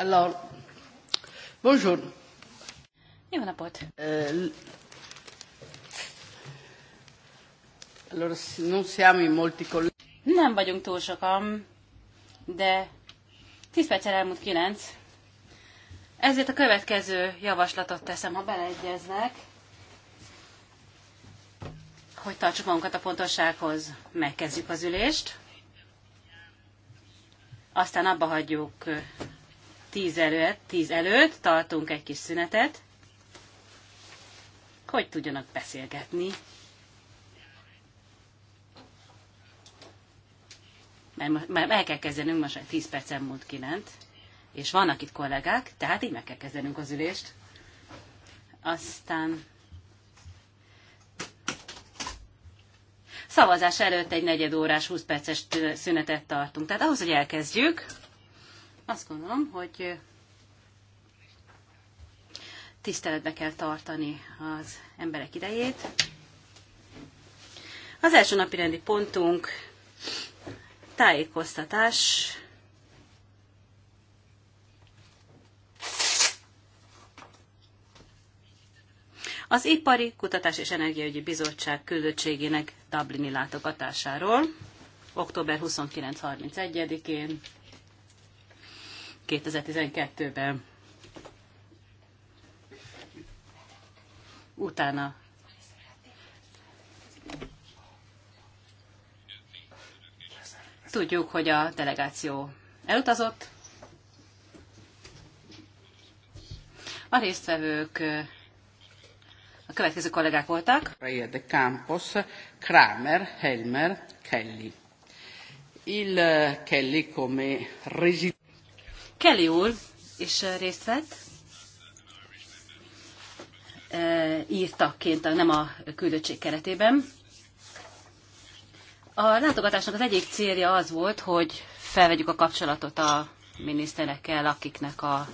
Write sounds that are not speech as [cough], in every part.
Alors, bonjour. Jó napot. Uh, allora, non siamo in molti colleghi. Nem vagyunk túl sokan, de 10 perccel elmúlt 9. Ezért a következő javaslatot teszem, ha beleegyeznek, hogy tartsuk magunkat a pontossághoz. Megkezdjük az ülést, aztán abba hagyjuk Tíz előtt, tíz előtt tartunk egy kis szünetet, hogy tudjanak beszélgetni. Mert, mert el kell kezdenünk, most 10 percen múlt kinent, és vannak itt kollégák, tehát így meg kell kezdenünk az ülést. Aztán szavazás előtt egy negyed órás, 20 perces szünetet tartunk. Tehát ahhoz, hogy elkezdjük, azt gondolom, hogy tiszteletbe kell tartani az emberek idejét. Az első napi rendi pontunk tájékoztatás. Az Ipari Kutatás és Energiaügyi Bizottság küldöttségének Dublini látogatásáról október 29-31-én 2012-ben. Utána tudjuk, hogy a delegáció elutazott. A résztvevők a következő kollégák voltak. Reia de Campos, Kramer, Helmer, Kelly. Il Kelly come residente. Kelly úr is eh, részt vett, eh, írtakként, nem a küldöttség keretében. A látogatásnak az egyik célja az volt, hogy felvegyük a kapcsolatot a miniszterekkel, akiknek a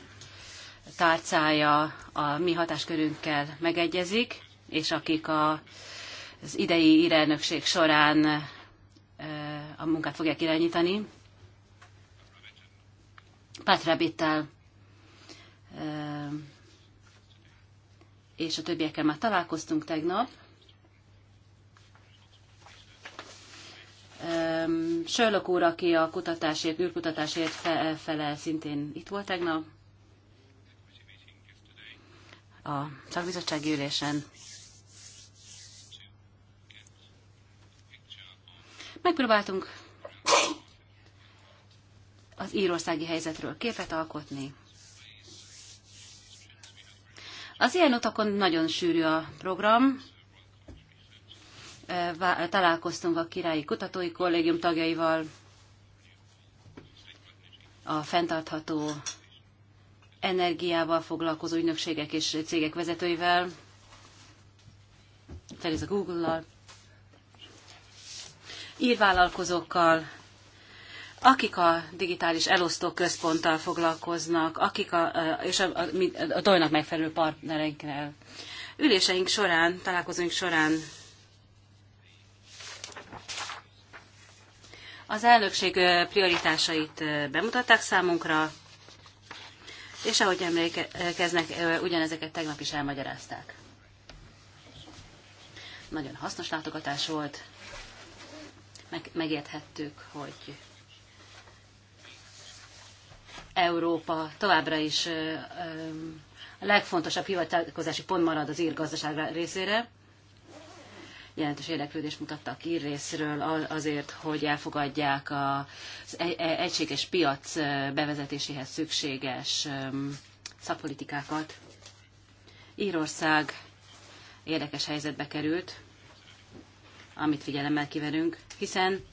tárcája a mi hatáskörünkkel megegyezik, és akik a, az idei irelnökség során eh, a munkát fogják irányítani. Pátrabittel és a többiekkel már találkoztunk tegnap. Sörlök úr, aki a kutatásért, űrkutatásért felel, szintén itt volt tegnap a szakbizottsági ülésen. Megpróbáltunk az írországi helyzetről képet alkotni. Az ilyen utakon nagyon sűrű a program. Találkoztunk a Királyi Kutatói Kollégium tagjaival, a fenntartható energiával foglalkozó ügynökségek és cégek vezetőivel, tehát ez a Google-lal, írvállalkozókkal, akik a digitális elosztó központtal foglalkoznak, akik a, és a, a, a dolynak megfelelő partnereinkkel. Üléseink során, találkozóink során az elnökség prioritásait bemutatták számunkra, és ahogy emlékeznek, ugyanezeket tegnap is elmagyarázták. Nagyon hasznos látogatás volt, meg, megérthettük, hogy Európa továbbra is a legfontosabb hivatkozási pont marad az ír gazdaság részére. Jelentős érdeklődést mutattak ír részről azért, hogy elfogadják az e, egységes piac bevezetéséhez szükséges szakpolitikákat. Írország érdekes helyzetbe került, amit figyelemmel kiverünk, hiszen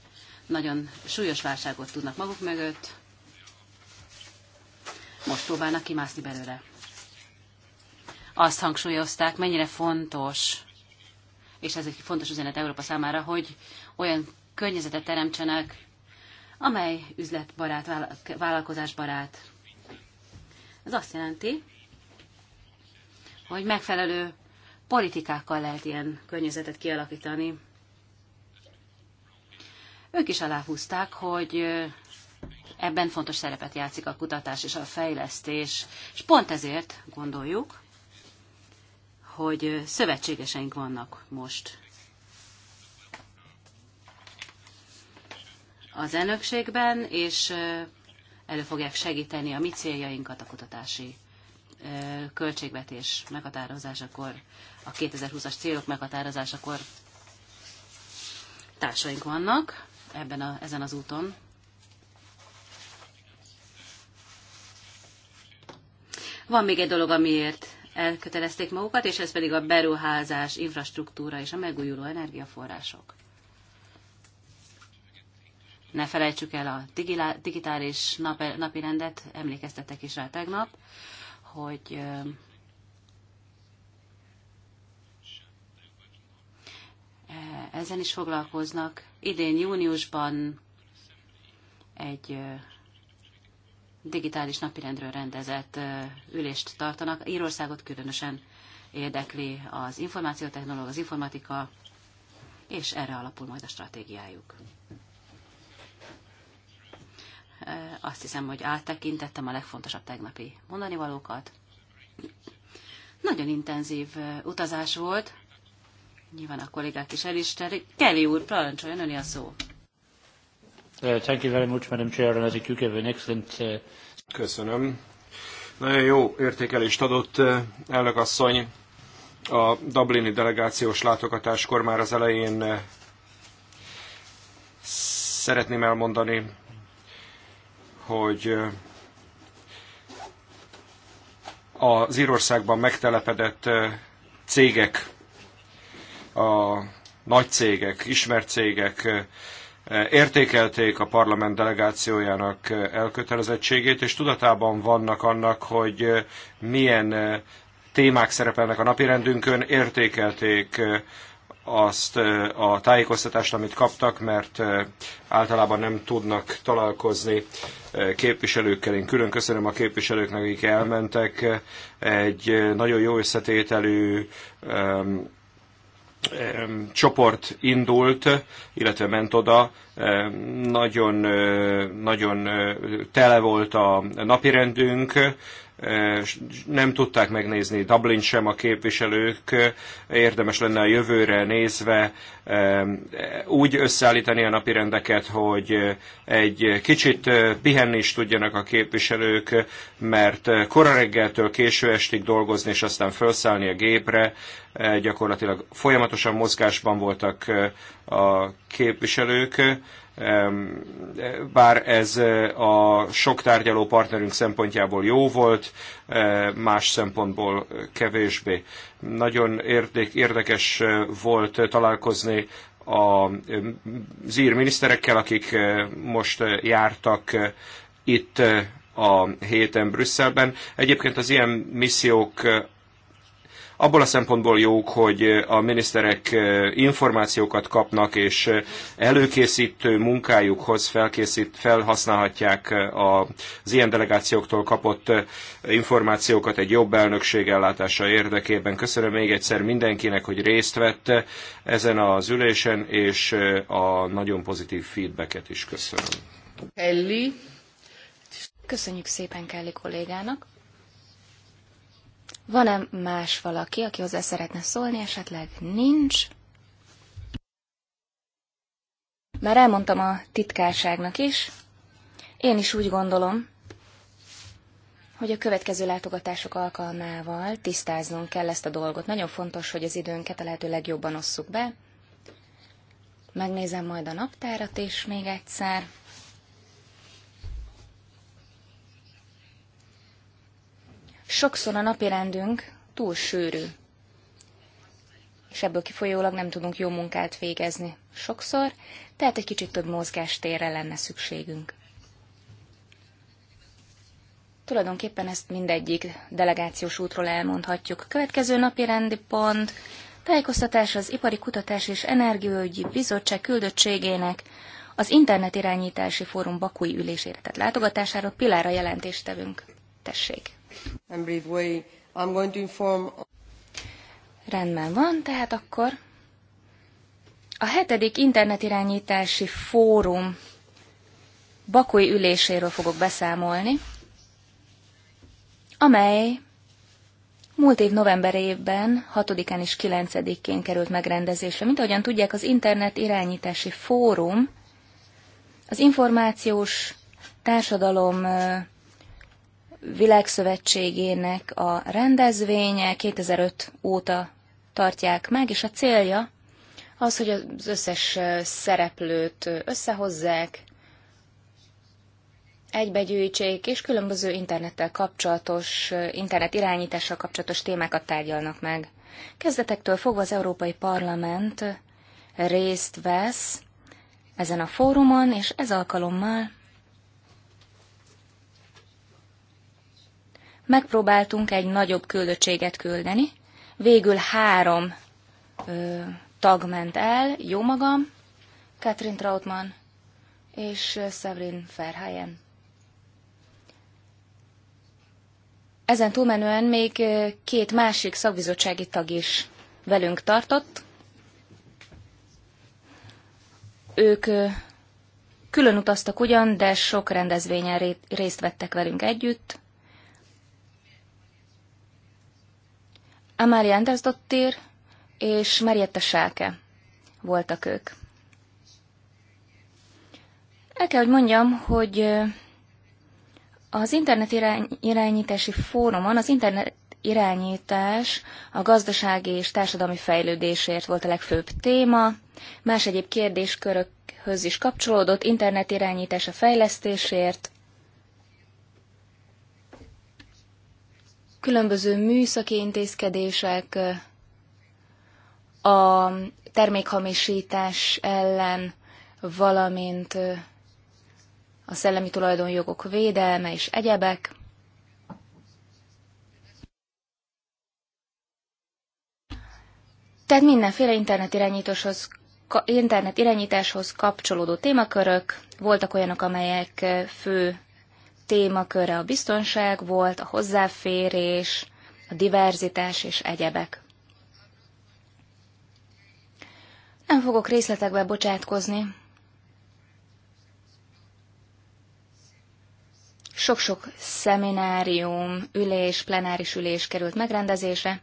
nagyon súlyos válságot tudnak maguk mögött, most próbálnak kimászni belőle. Azt hangsúlyozták, mennyire fontos, és ez egy fontos üzenet Európa számára, hogy olyan környezetet teremtsenek, amely üzletbarát, vállalkozásbarát. Ez azt jelenti, hogy megfelelő politikákkal lehet ilyen környezetet kialakítani. Ők is aláhúzták, hogy Ebben fontos szerepet játszik a kutatás és a fejlesztés, és pont ezért gondoljuk, hogy szövetségeseink vannak most. Az elnökségben, és elő fogják segíteni a mi céljainkat a kutatási költségvetés meghatározásakor, a 2020-as célok meghatározásakor társaink vannak ebben a, ezen az úton, Van még egy dolog, amiért elkötelezték magukat, és ez pedig a beruházás, infrastruktúra és a megújuló energiaforrások. Ne felejtsük el a digitális napi rendet, emlékeztetek is rá tegnap, hogy e, ezen is foglalkoznak. Idén júniusban egy digitális napirendről rendezett ülést tartanak. Írországot különösen érdekli az információtechnológia, az informatika, és erre alapul majd a stratégiájuk. Azt hiszem, hogy áttekintettem a legfontosabb tegnapi mondani valókat. Nagyon intenzív utazás volt, nyilván a kollégák is elismerik. Kelly úr, parancsoljon öni a szó. Uh, thank you very much, Madam Chair, and I think you gave an excellent... Uh, Köszönöm. Nagyon jó értékelést adott uh, elnök asszony. A Dublini delegációs látogatáskor már az elején szeretném elmondani, hogy az Írországban megtelepedett cégek, a nagy cégek, ismert cégek, értékelték a parlament delegációjának elkötelezettségét, és tudatában vannak annak, hogy milyen témák szerepelnek a napirendünkön, értékelték azt a tájékoztatást, amit kaptak, mert általában nem tudnak találkozni képviselőkkel. Én külön köszönöm a képviselőknek, akik elmentek. Egy nagyon jó összetételű csoport indult, illetve ment oda, nagyon, nagyon tele volt a napirendünk, nem tudták megnézni Dublin sem a képviselők, érdemes lenne a jövőre nézve úgy összeállítani a napirendeket, hogy egy kicsit pihenni is tudjanak a képviselők, mert kora reggeltől késő estig dolgozni, és aztán felszállni a gépre, gyakorlatilag folyamatosan mozgásban voltak a képviselők, bár ez a sok tárgyaló partnerünk szempontjából jó volt, más szempontból kevésbé. Nagyon érdekes volt találkozni az ír miniszterekkel, akik most jártak itt a héten Brüsszelben. Egyébként az ilyen missziók abból a szempontból jók, hogy a miniszterek információkat kapnak, és előkészítő munkájukhoz felkészít, felhasználhatják az ilyen delegációktól kapott információkat egy jobb elnökség ellátása érdekében. Köszönöm még egyszer mindenkinek, hogy részt vett ezen az ülésen, és a nagyon pozitív feedbacket is köszönöm. Köszönjük szépen Kelly kollégának. Van-e más valaki, aki hozzá szeretne szólni, esetleg nincs? Már elmondtam a titkárságnak is. Én is úgy gondolom, hogy a következő látogatások alkalmával tisztáznunk kell ezt a dolgot. Nagyon fontos, hogy az időnket a lehető legjobban osszuk be. Megnézem majd a naptárat is még egyszer. Sokszor a napirendünk túl sűrű, és ebből kifolyólag nem tudunk jó munkát végezni. Sokszor, tehát egy kicsit több mozgástérre lenne szükségünk. Tulajdonképpen ezt mindegyik delegációs útról elmondhatjuk. Következő napi rendi pont, tájékoztatás az Ipari Kutatás és Energiaügyi Bizottság küldöttségének az internet irányítási fórum bakúi ülésére tehát látogatására Pilára tevünk. Tessék! Rendben van, tehát akkor a hetedik internetirányítási fórum bakói üléséről fogok beszámolni, amely múlt év novemberében, 6-án és 9-én került megrendezésre. Mint ahogyan tudják, az internet irányítási fórum az információs társadalom Világszövetségének a rendezvénye 2005 óta tartják meg, és a célja az, hogy az összes szereplőt összehozzák, egybegyűjtsék, és különböző internettel kapcsolatos, internet irányítással kapcsolatos témákat tárgyalnak meg. Kezdetektől fogva az Európai Parlament részt vesz ezen a fórumon, és ez alkalommal Megpróbáltunk egy nagyobb küldöttséget küldeni, végül három ö, tag ment el, jó magam, Katrin Trautmann és Severin Ferhelyen. Ezen túlmenően még két másik szakbizottsági tag is velünk tartott. Ők külön utaztak ugyan, de sok rendezvényen részt vettek velünk együtt. Amália Andersdottir és Mariette Sáke voltak ők. El kell, hogy mondjam, hogy az internet irány, irányítási fórumon az internet irányítás a gazdasági és társadalmi fejlődésért volt a legfőbb téma, más egyéb kérdéskörökhöz is kapcsolódott, internet irányítás a fejlesztésért, különböző műszaki intézkedések, a termékhamisítás ellen, valamint a szellemi tulajdonjogok védelme és egyebek. Tehát mindenféle internetirányításhoz, internetirányításhoz kapcsolódó témakörök, voltak olyanok, amelyek fő témaköre a biztonság volt, a hozzáférés, a diverzitás és egyebek. Nem fogok részletekbe bocsátkozni. Sok-sok szeminárium, ülés, plenáris ülés került megrendezésre.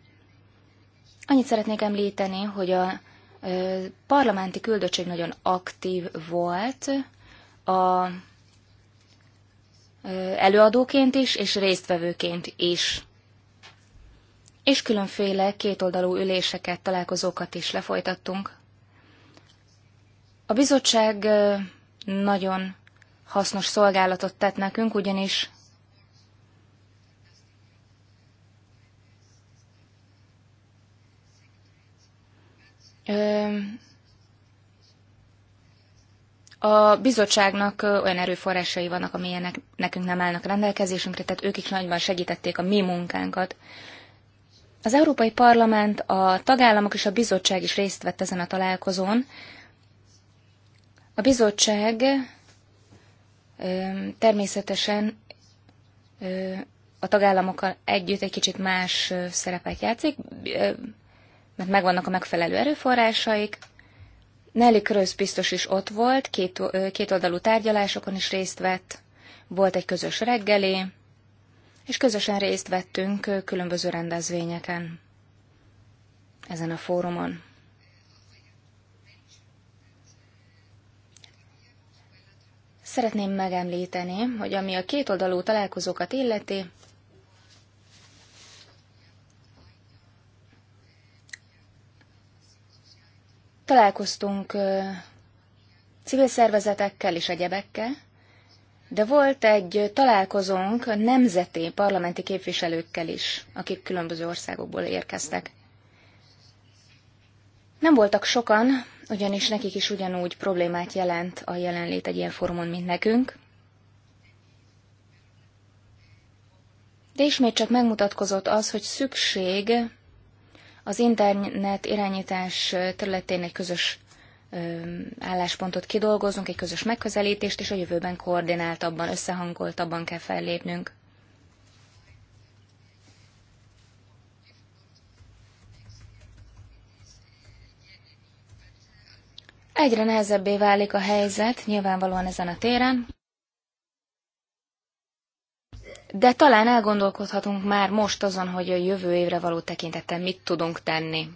Annyit szeretnék említeni, hogy a parlamenti küldöttség nagyon aktív volt a előadóként is, és résztvevőként is. És különféle kétoldalú üléseket, találkozókat is lefolytattunk. A bizottság nagyon hasznos szolgálatot tett nekünk, ugyanis a bizottságnak olyan erőforrásai vannak, amilyenek nekünk nem állnak rendelkezésünkre, tehát ők is nagyban segítették a mi munkánkat. Az Európai Parlament, a tagállamok és a bizottság is részt vett ezen a találkozón. A bizottság természetesen a tagállamokkal együtt egy kicsit más szerepet játszik, mert megvannak a megfelelő erőforrásaik, Nelly Kröz biztos is ott volt, két, kétoldalú tárgyalásokon is részt vett, volt egy közös reggeli, és közösen részt vettünk különböző rendezvényeken ezen a fórumon. Szeretném megemlíteni, hogy ami a kétoldalú találkozókat illeti, Találkoztunk civil szervezetekkel és egyebekkel, de volt egy találkozónk nemzeti parlamenti képviselőkkel is, akik különböző országokból érkeztek. Nem voltak sokan, ugyanis nekik is ugyanúgy problémát jelent a jelenlét egy ilyen fórumon, mint nekünk. De ismét csak megmutatkozott az, hogy szükség az internet irányítás területén egy közös álláspontot kidolgozunk, egy közös megközelítést, és a jövőben koordináltabban, összehangoltabban kell fellépnünk. Egyre nehezebbé válik a helyzet, nyilvánvalóan ezen a téren de talán elgondolkodhatunk már most azon, hogy a jövő évre való tekintettel mit tudunk tenni.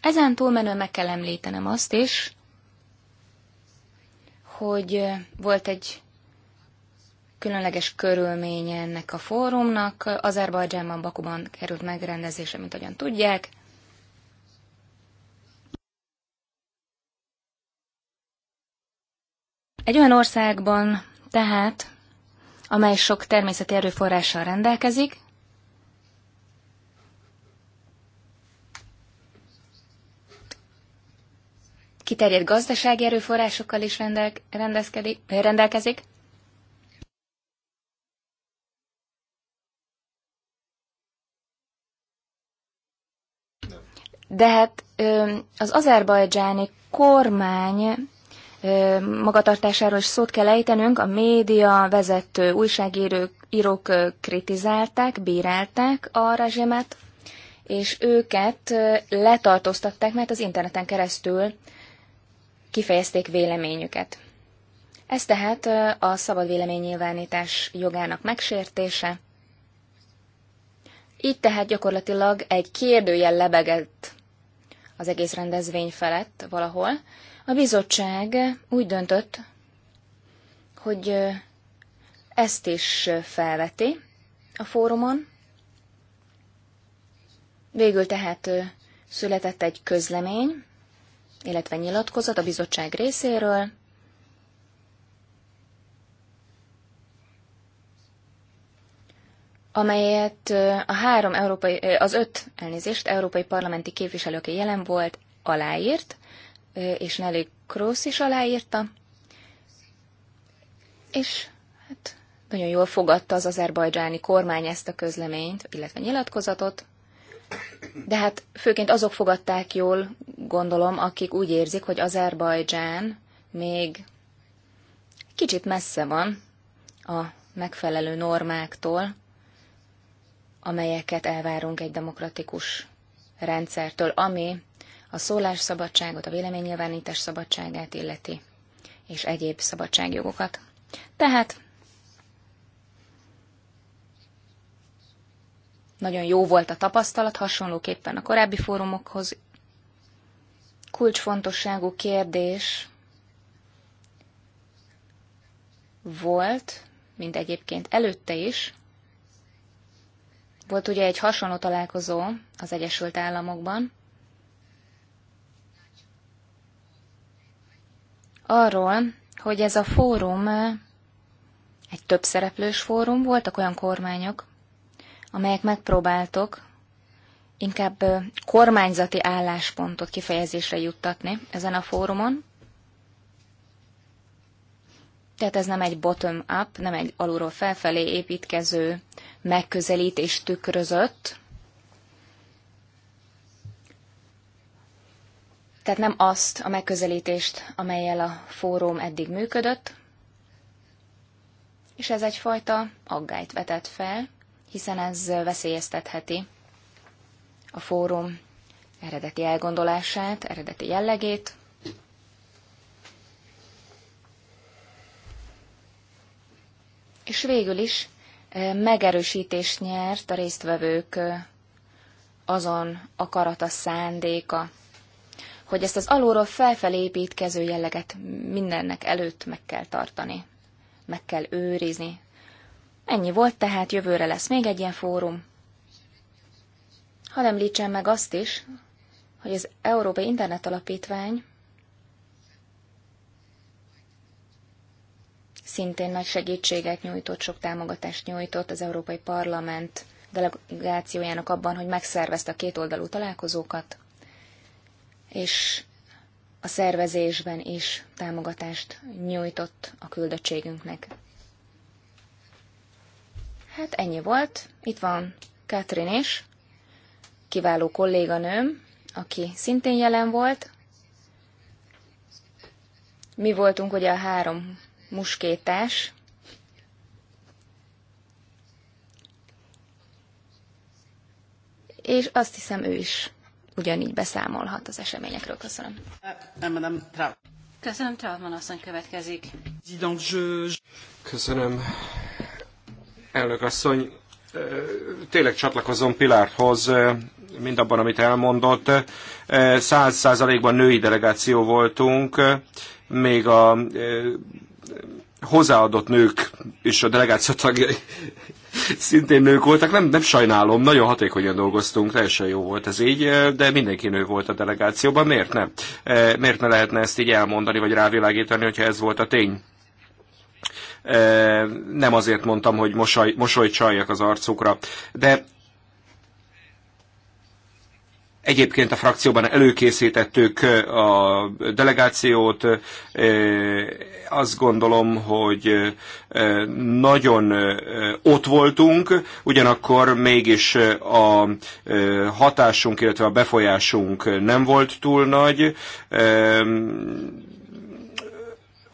Ezen túlmenő meg kell említenem azt is, hogy volt egy különleges körülménye ennek a fórumnak. Azerbajdzsánban, Bakuban került megrendezésre, mint ahogyan tudják. Egy olyan országban tehát, amely sok természeti erőforrással rendelkezik, kiterjedt gazdasági erőforrásokkal is rendelkezik, De hát az azerbajdzsáni kormány magatartásáról is szót kell ejtenünk. A média vezető újságírók írók kritizálták, bírálták a rezsimet, és őket letartóztatták, mert az interneten keresztül kifejezték véleményüket. Ez tehát a szabad véleménynyilvánítás jogának megsértése. Így tehát gyakorlatilag egy kérdőjel lebegett az egész rendezvény felett valahol, a bizottság úgy döntött, hogy ezt is felveti a fórumon. Végül tehát született egy közlemény, illetve nyilatkozat a bizottság részéről, amelyet a három európai, az öt elnézést európai parlamenti képviselő, aki jelen volt, aláírt, és Nelly Cross is aláírta, és hát nagyon jól fogadta az azerbajdzsáni kormány ezt a közleményt, illetve nyilatkozatot, de hát főként azok fogadták jól, gondolom, akik úgy érzik, hogy Azerbajdzsán még kicsit messze van a megfelelő normáktól, amelyeket elvárunk egy demokratikus rendszertől, ami a szólásszabadságot, a véleménynyilvánítás szabadságát illeti, és egyéb szabadságjogokat. Tehát nagyon jó volt a tapasztalat, hasonlóképpen a korábbi fórumokhoz. Kulcsfontosságú kérdés volt, mint egyébként előtte is, volt ugye egy hasonló találkozó az Egyesült Államokban, arról, hogy ez a fórum egy többszereplős fórum, voltak olyan kormányok, amelyek megpróbáltok inkább kormányzati álláspontot kifejezésre juttatni ezen a fórumon. Tehát ez nem egy bottom-up, nem egy alulról felfelé építkező megközelítés tükrözött, tehát nem azt a megközelítést, amelyel a fórum eddig működött, és ez egyfajta aggályt vetett fel, hiszen ez veszélyeztetheti a fórum eredeti elgondolását, eredeti jellegét. És végül is megerősítést nyert a résztvevők azon akarata szándéka hogy ezt az alulról felfelé építkező jelleget mindennek előtt meg kell tartani, meg kell őrizni. Ennyi volt, tehát jövőre lesz még egy ilyen fórum. Hadd említsem meg azt is, hogy az Európai Internet Alapítvány szintén nagy segítséget nyújtott, sok támogatást nyújtott az Európai Parlament delegációjának abban, hogy megszervezte a kétoldalú találkozókat és a szervezésben is támogatást nyújtott a küldöttségünknek. Hát ennyi volt. Itt van Katrin is, kiváló kolléganőm, aki szintén jelen volt. Mi voltunk ugye a három muskétás. És azt hiszem ő is ugyanígy beszámolhat az eseményekről. Köszönöm. Köszönöm, Trautmann asszony következik. Köszönöm, elnök asszony. Tényleg csatlakozom Pilárthoz, mind abban, amit elmondott. Száz százalékban női delegáció voltunk, még a hozzáadott nők és a delegáció tagjai [laughs] szintén nők voltak. Nem, nem sajnálom, nagyon hatékonyan dolgoztunk, teljesen jó volt ez így, de mindenki nő volt a delegációban. Miért nem? E, miért ne lehetne ezt így elmondani, vagy rávilágítani, hogyha ez volt a tény? E, nem azért mondtam, hogy mosoly, mosoly csaljak az arcukra, de Egyébként a frakcióban előkészítettük a delegációt. Azt gondolom, hogy nagyon ott voltunk, ugyanakkor mégis a hatásunk, illetve a befolyásunk nem volt túl nagy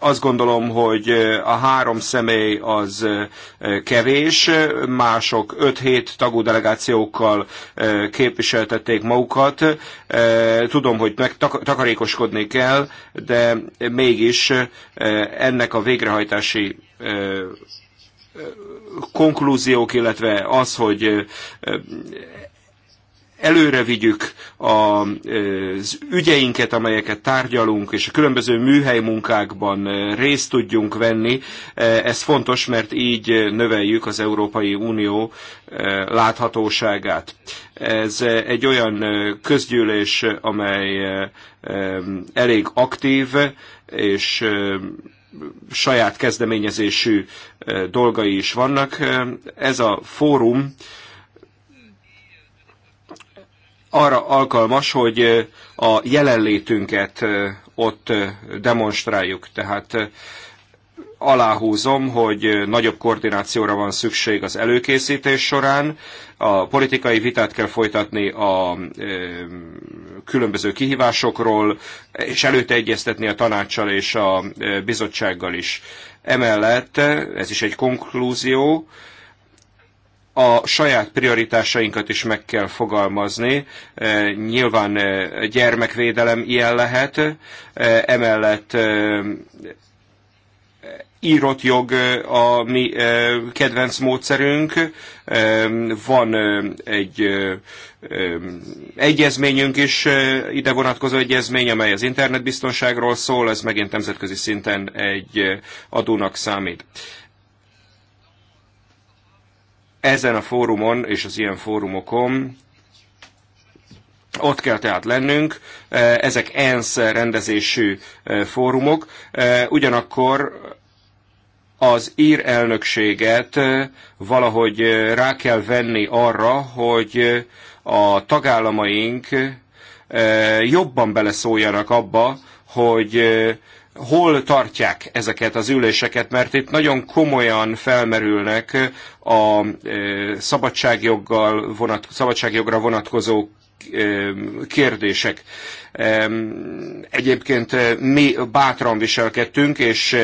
azt gondolom, hogy a három személy az kevés, mások 5-7 tagú delegációkkal képviseltették magukat. Tudom, hogy meg takarékoskodni kell, de mégis ennek a végrehajtási konklúziók, illetve az, hogy előre vigyük az ügyeinket, amelyeket tárgyalunk, és a különböző műhelymunkákban részt tudjunk venni. Ez fontos, mert így növeljük az Európai Unió láthatóságát. Ez egy olyan közgyűlés, amely elég aktív, és saját kezdeményezésű dolgai is vannak. Ez a fórum arra alkalmas, hogy a jelenlétünket ott demonstráljuk. Tehát aláhúzom, hogy nagyobb koordinációra van szükség az előkészítés során, a politikai vitát kell folytatni a különböző kihívásokról, és előtte egyeztetni a tanácssal és a bizottsággal is. Emellett, ez is egy konklúzió, a saját prioritásainkat is meg kell fogalmazni. E, nyilván e, gyermekvédelem ilyen lehet, e, emellett írott jog a mi kedvenc módszerünk, van egy egyezményünk is, ide vonatkozó egyezmény, amely az internetbiztonságról szól, ez megint nemzetközi szinten egy adónak számít ezen a fórumon és az ilyen fórumokon ott kell tehát lennünk, e, ezek ENSZ rendezésű e, fórumok, e, ugyanakkor az ír elnökséget valahogy rá kell venni arra, hogy a tagállamaink jobban beleszóljanak abba, hogy hol tartják ezeket az üléseket, mert itt nagyon komolyan felmerülnek a e, szabadságjoggal vonat, szabadságjogra vonatkozó e, kérdések. E, egyébként mi bátran viselkedtünk, és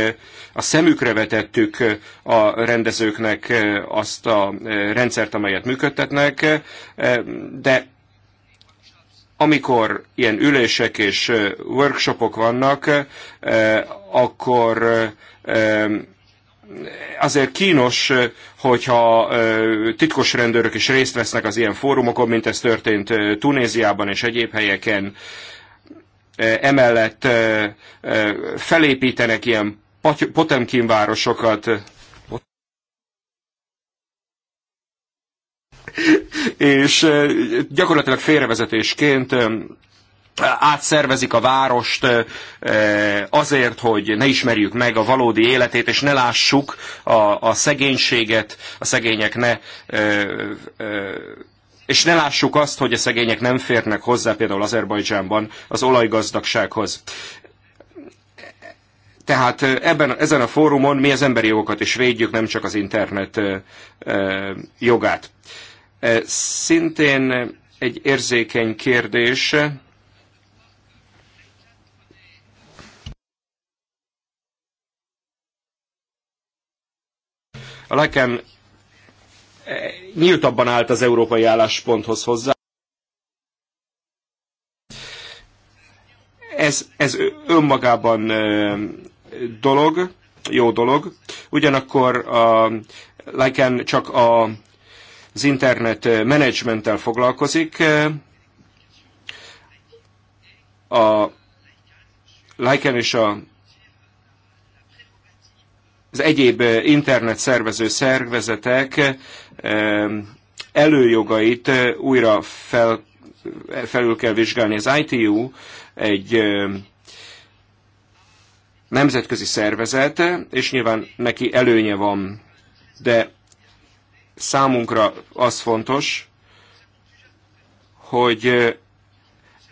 a szemükre vetettük a rendezőknek azt a rendszert, amelyet működtetnek, de amikor ilyen ülések és workshopok vannak, akkor azért kínos, hogyha titkos rendőrök is részt vesznek az ilyen fórumokon, mint ez történt Tunéziában és egyéb helyeken. Emellett felépítenek ilyen Potemkin városokat, és eh, gyakorlatilag félrevezetésként eh, átszervezik a várost eh, azért, hogy ne ismerjük meg a valódi életét, és ne lássuk a, a szegénységet, a szegények ne és ne lássuk azt, hogy a szegények nem férnek hozzá például Azerbajdzsánban az olajgazdagsághoz. Tehát ebben, ezen a fórumon mi az emberi jogokat is védjük, nem csak az internet jogát. Eh, szintén egy érzékeny kérdés, A lekem eh, nyíltabban állt az európai állásponthoz hozzá. Ez, ez önmagában eh, dolog, jó dolog. Ugyanakkor a Leiken csak a az internet eh, menedzsmenttel foglalkozik. Eh, a Lycan és a, az egyéb eh, internet szervező szervezetek előjogait újra fel, felül kell vizsgálni. Az ITU egy nemzetközi szervezet, és nyilván neki előnye van, de Számunkra az fontos, hogy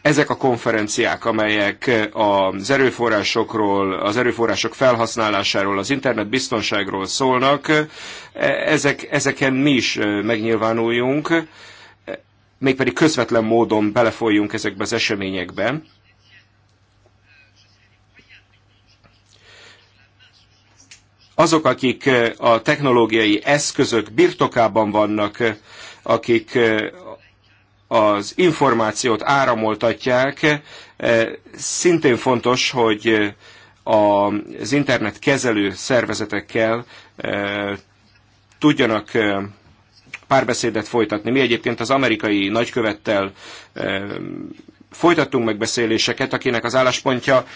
ezek a konferenciák, amelyek az erőforrásokról, az erőforrások felhasználásáról, az internet biztonságról szólnak, ezek, ezeken mi is megnyilvánuljunk, mégpedig közvetlen módon belefolyjunk ezekbe az eseményekbe. Azok, akik a technológiai eszközök birtokában vannak, akik az információt áramoltatják, szintén fontos, hogy az internet kezelő szervezetekkel tudjanak párbeszédet folytatni. Mi egyébként az amerikai nagykövettel folytattunk megbeszéléseket, akinek az álláspontja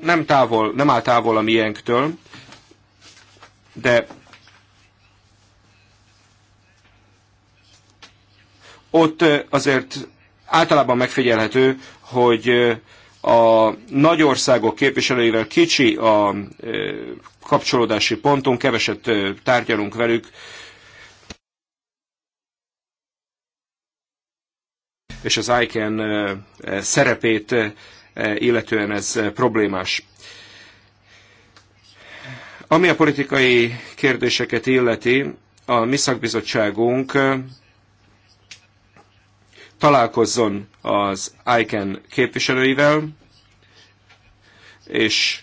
nem, távol, nem áll távol a miénktől, de ott azért általában megfigyelhető, hogy a nagy országok képviselőivel kicsi a kapcsolódási ponton, keveset tárgyalunk velük, és az ICAN szerepét illetően ez problémás. Ami a politikai kérdéseket illeti, a mi szakbizottságunk találkozzon az ICANN képviselőivel, és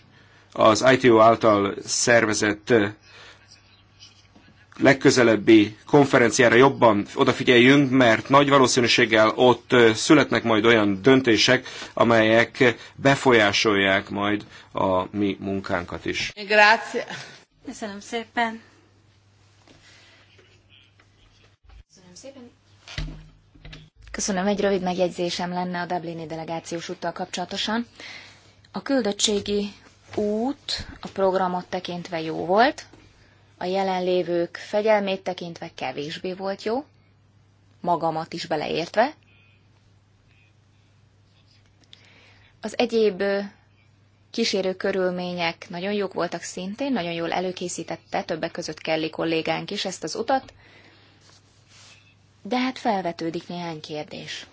az ITO által szervezett legközelebbi konferenciára jobban odafigyeljünk, mert nagy valószínűséggel ott születnek majd olyan döntések, amelyek befolyásolják majd a mi munkánkat is. Grazie. Köszönöm szépen. Köszönöm szépen. Köszönöm, egy rövid megjegyzésem lenne a Dublini delegációs úttal kapcsolatosan. A küldöttségi út a programot tekintve jó volt, a jelenlévők fegyelmét tekintve kevésbé volt jó, magamat is beleértve. Az egyéb kísérő körülmények nagyon jók voltak szintén, nagyon jól előkészítette, többek között Kelly kollégánk is ezt az utat, de hát felvetődik néhány kérdés.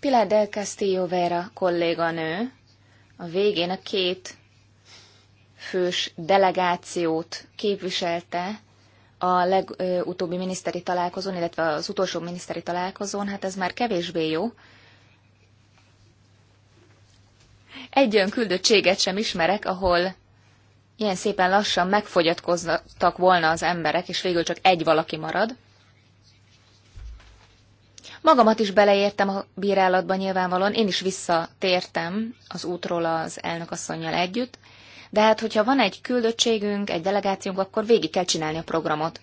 Pilar del Castillo Vera kolléganő a végén a két fős delegációt képviselte a legutóbbi miniszteri találkozón, illetve az utolsó miniszteri találkozón, hát ez már kevésbé jó. Egy olyan küldöttséget sem ismerek, ahol ilyen szépen lassan megfogyatkoztak volna az emberek, és végül csak egy valaki marad. Magamat is beleértem a bírálatba nyilvánvalóan, én is visszatértem az útról az elnökasszonynal együtt, de hát hogyha van egy küldöttségünk, egy delegációnk, akkor végig kell csinálni a programot.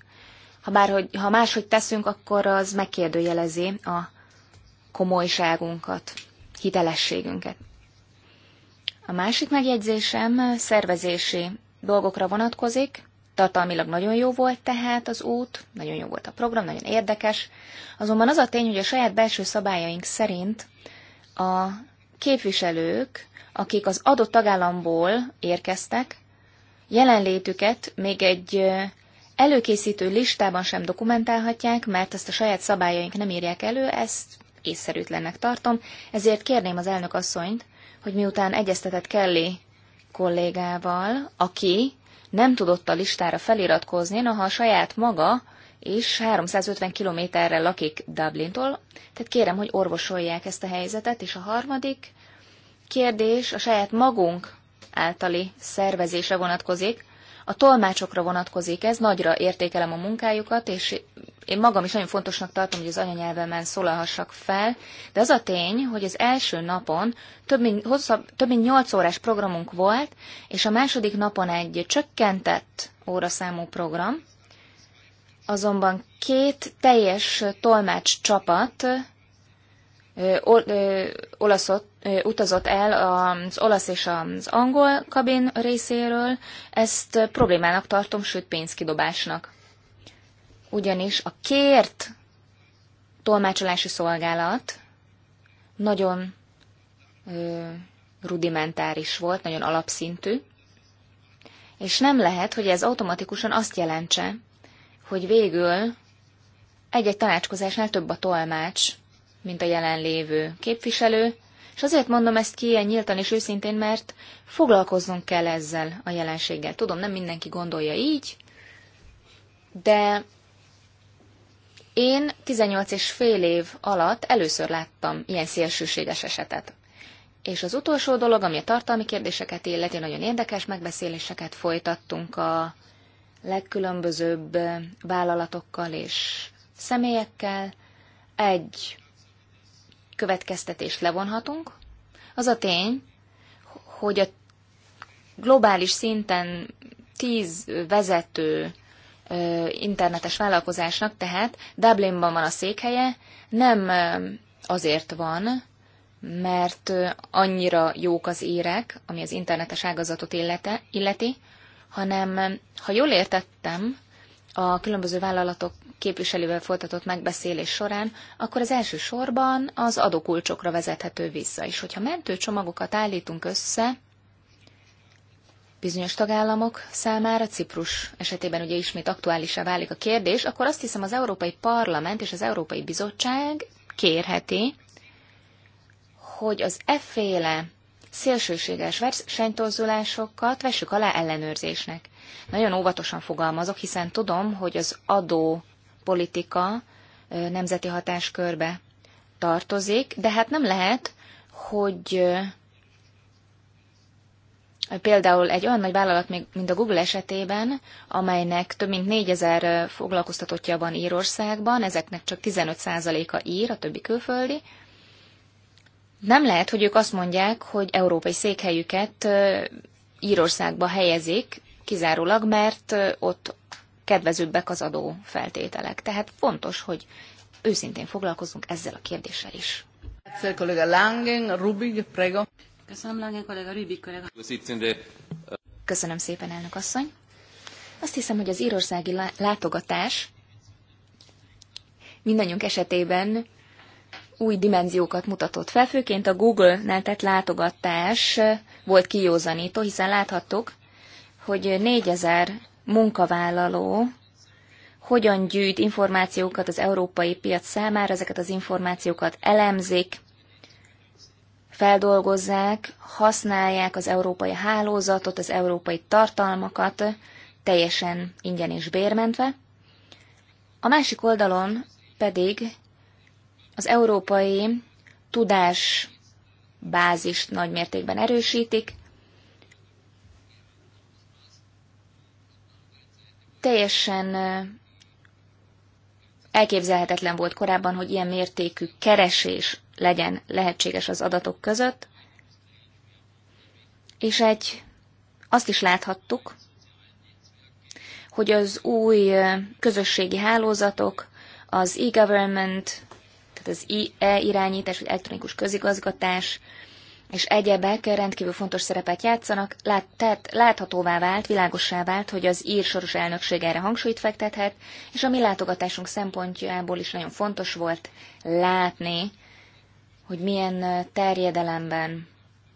Ha, bárhogy, ha máshogy teszünk, akkor az megkérdőjelezi a komolyságunkat, hitelességünket. A másik megjegyzésem szervezési dolgokra vonatkozik. Tartalmilag nagyon jó volt tehát az út, nagyon jó volt a program, nagyon érdekes. Azonban az a tény, hogy a saját belső szabályaink szerint a képviselők akik az adott tagállamból érkeztek, jelenlétüket még egy előkészítő listában sem dokumentálhatják, mert ezt a saját szabályaink nem írják elő, ezt észszerűtlennek tartom, ezért kérném az elnök asszonyt, hogy miután egyeztetett Kelly kollégával, aki nem tudott a listára feliratkozni, noha a saját maga és 350 kilométerre lakik Dublintól, tehát kérem, hogy orvosolják ezt a helyzetet, és a harmadik kérdés a saját magunk általi szervezésre vonatkozik, a tolmácsokra vonatkozik ez, nagyra értékelem a munkájukat, és én magam is nagyon fontosnak tartom, hogy az anyanyelvemen szólalhassak fel, de az a tény, hogy az első napon több mint, hosszabb, több mint 8 órás programunk volt, és a második napon egy csökkentett óraszámú program, azonban két teljes tolmács csapat olaszott, utazott el az olasz és az angol kabin részéről, ezt problémának tartom, sőt pénzkidobásnak. Ugyanis a kért tolmácsolási szolgálat nagyon rudimentáris volt, nagyon alapszintű, és nem lehet, hogy ez automatikusan azt jelentse, hogy végül egy-egy tanácskozásnál több a tolmács, mint a jelenlévő képviselő, és azért mondom ezt ki ilyen nyíltan és őszintén, mert foglalkoznunk kell ezzel a jelenséggel. Tudom, nem mindenki gondolja így, de én 18 és fél év alatt először láttam ilyen szélsőséges esetet. És az utolsó dolog, ami a tartalmi kérdéseket illeti, nagyon érdekes megbeszéléseket folytattunk a legkülönbözőbb vállalatokkal és személyekkel. Egy következtetést levonhatunk, az a tény, hogy a globális szinten tíz vezető internetes vállalkozásnak, tehát Dublinban van a székhelye, nem azért van, mert annyira jók az érek, ami az internetes ágazatot illeti, hanem, ha jól értettem, a különböző vállalatok képviselővel folytatott megbeszélés során, akkor az első sorban az adókulcsokra vezethető vissza. És hogyha mentőcsomagokat állítunk össze, bizonyos tagállamok számára, Ciprus esetében ugye ismét aktuálisá válik a kérdés, akkor azt hiszem az Európai Parlament és az Európai Bizottság kérheti, hogy az efféle szélsőséges versenytorzulásokat vessük alá ellenőrzésnek. Nagyon óvatosan fogalmazok, hiszen tudom, hogy az adó politika nemzeti hatáskörbe tartozik, de hát nem lehet, hogy például egy olyan nagy vállalat, mint a Google esetében, amelynek több mint 4000 foglalkoztatottja van Írországban, ezeknek csak 15%-a ír, a többi külföldi, nem lehet, hogy ők azt mondják, hogy európai székhelyüket Írországba helyezik, kizárólag, mert ott kedvezőbbek az adó feltételek. Tehát fontos, hogy őszintén foglalkozunk ezzel a kérdéssel is. Köszönöm, Langen kollega, Rubik kollega. Köszönöm szépen, elnök asszony. Azt hiszem, hogy az írországi látogatás mindannyiunk esetében új dimenziókat mutatott fel, főként a Google-nál tett látogatás volt kiózanító, hiszen láthattuk, hogy 4000 munkavállaló hogyan gyűjt információkat az európai piac számára, ezeket az információkat elemzik, feldolgozzák, használják az európai hálózatot, az európai tartalmakat, teljesen ingyen és bérmentve. A másik oldalon pedig az európai tudásbázist nagymértékben erősítik, teljesen elképzelhetetlen volt korábban, hogy ilyen mértékű keresés legyen lehetséges az adatok között, és egy azt is láthattuk, hogy az új közösségi hálózatok, az e-government, tehát az e-irányítás, vagy elektronikus közigazgatás és egyebek rendkívül fontos szerepet játszanak, lát, tehát láthatóvá vált, világossá vált, hogy az ír soros elnökség erre hangsúlyt fektethet, és a mi látogatásunk szempontjából is nagyon fontos volt látni, hogy milyen terjedelemben,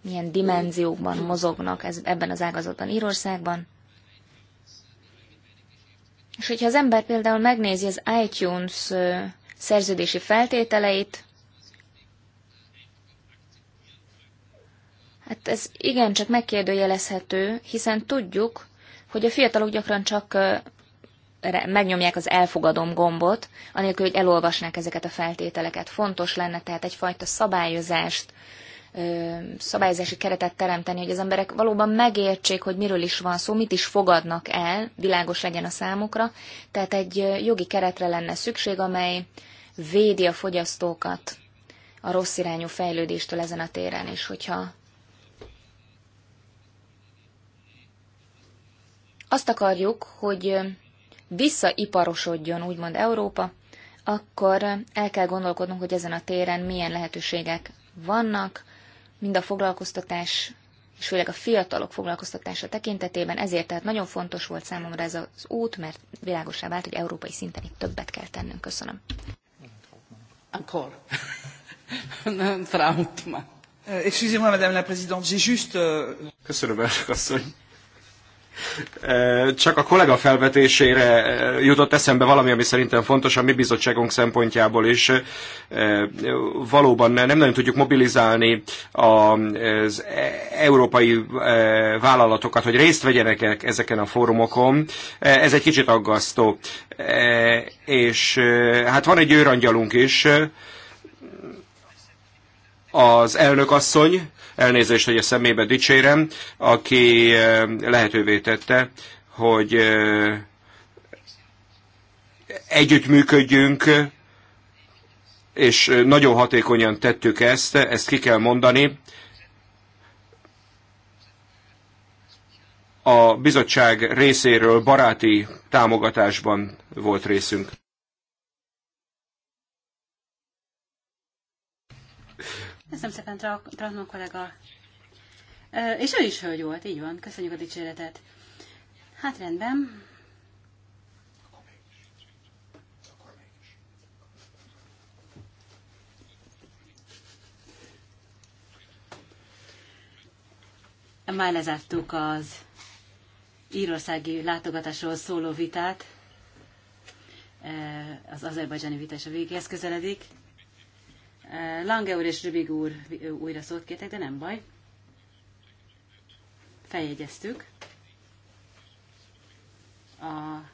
milyen dimenziókban mozognak ez, ebben az ágazatban Írországban. És hogyha az ember például megnézi az iTunes szerződési feltételeit, Hát ez igencsak megkérdőjelezhető, hiszen tudjuk, hogy a fiatalok gyakran csak megnyomják az elfogadom gombot, anélkül, hogy elolvasnák ezeket a feltételeket. Fontos lenne tehát egyfajta szabályozást, szabályozási keretet teremteni, hogy az emberek valóban megértsék, hogy miről is van szó, mit is fogadnak el, világos legyen a számukra. Tehát egy jogi keretre lenne szükség, amely védi a fogyasztókat a rossz irányú fejlődéstől ezen a téren, és hogyha azt akarjuk, hogy visszaiparosodjon úgymond Európa, akkor el kell gondolkodnunk, hogy ezen a téren milyen lehetőségek vannak, mind a foglalkoztatás, és főleg a fiatalok foglalkoztatása tekintetében, ezért tehát nagyon fontos volt számomra ez az út, mert világosá vált, hogy európai szinten itt többet kell tennünk. Köszönöm. Akkor. Trautmann. Excusez-moi, Madame la Présidente, j'ai juste... Köszönöm, elnök asszony. Csak a kollega felvetésére jutott eszembe valami, ami szerintem fontos a mi bizottságunk szempontjából is. Valóban nem nagyon tudjuk mobilizálni az e- európai vállalatokat, hogy részt vegyenek e- ezeken a fórumokon. Ez egy kicsit aggasztó. És hát van egy őrangyalunk is, az elnök asszony, elnézést, hogy a szemébe dicsérem, aki eh, lehetővé tette, hogy eh, együttműködjünk, és eh, nagyon hatékonyan tettük ezt, ezt ki kell mondani. A bizottság részéről baráti támogatásban volt részünk. Köszönöm szépen, Trautmann kollega. És ő is hölgy volt, így van. Köszönjük a dicséretet. Hát rendben. Már lezártuk az írországi látogatásról szóló vitát. Az azerbajdzsáni vita is a végéhez közeledik. Lange úr és Rübig úr újra szót kértek, de nem baj. Feljegyeztük. A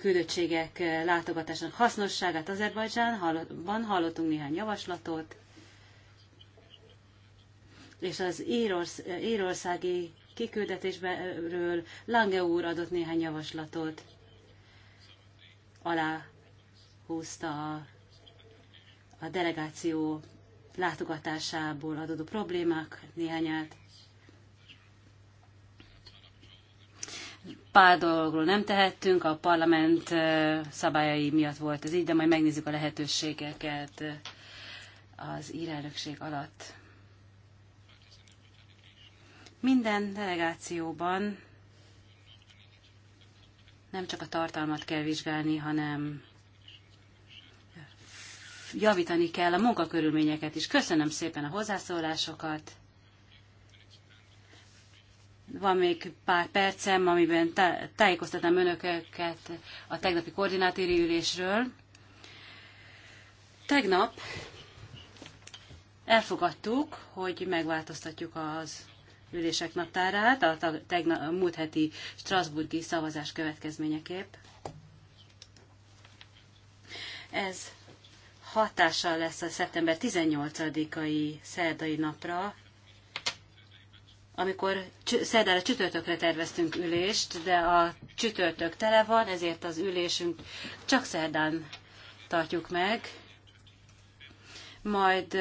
küldöttségek látogatásának hasznosságát Azerbajdzsánban hallottunk néhány javaslatot, és az Írorsz, írországi kiküldetésről Lange úr adott néhány javaslatot, alá húzta a a delegáció látogatásából adódó problémák néhányát. Pár dologról nem tehettünk, a parlament szabályai miatt volt ez így, de majd megnézzük a lehetőségeket az írelnökség alatt. Minden delegációban nem csak a tartalmat kell vizsgálni, hanem javítani kell a munkakörülményeket is. Köszönöm szépen a hozzászólásokat. Van még pár percem, amiben tájékoztatom önöket a tegnapi koordinátori ülésről. Tegnap elfogadtuk, hogy megváltoztatjuk az ülések naptárát a, tegna, a múlt heti Strasburgi szavazás következményeképp. Ez hatással lesz a szeptember 18-ai szerdai napra, amikor szerdára csütörtökre terveztünk ülést, de a csütörtök tele van, ezért az ülésünk csak szerdán tartjuk meg. Majd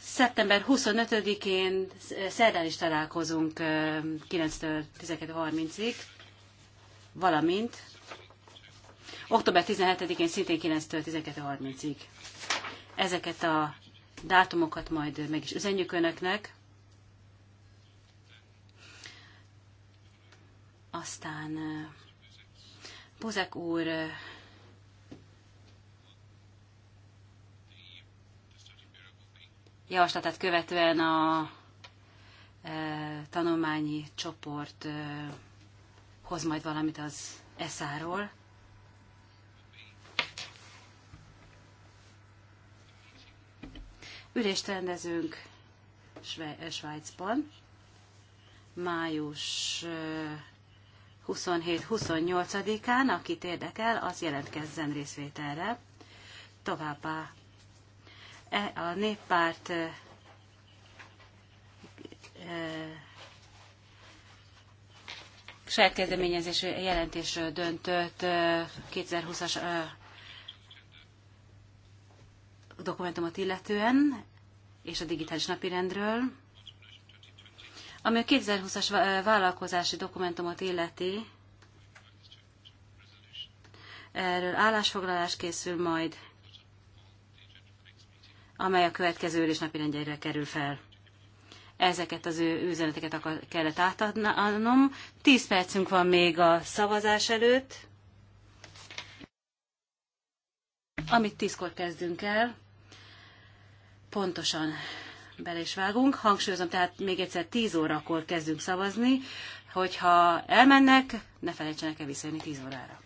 szeptember 25-én szerdán is találkozunk 9-től 12.30-ig, valamint október 17-én szintén 9-től 12.30-ig. Ezeket a dátumokat majd meg is üzenjük önöknek. Aztán Buzek úr javaslatát követően a tanulmányi csoport hoz majd valamit az eszáról. Ülést rendezünk eh, Svájcban, május 27-28-án, eh, akit érdekel, az jelentkezzen részvételre. Továbbá e, a néppárt eh, saját kezdeményezésű jelentésről döntött 2020-as dokumentumot illetően és a digitális napirendről. Ami a 2020-as vállalkozási dokumentumot illeti, erről állásfoglalás készül majd, amely a következő ülés napirendjeire kerül fel. Ezeket az ő üzeneteket kellett átadnom. Tíz percünk van még a szavazás előtt, amit tízkor kezdünk el pontosan bele is vágunk. Hangsúlyozom, tehát még egyszer 10 órakor kezdünk szavazni, hogyha elmennek, ne felejtsenek el visszajönni 10 órára.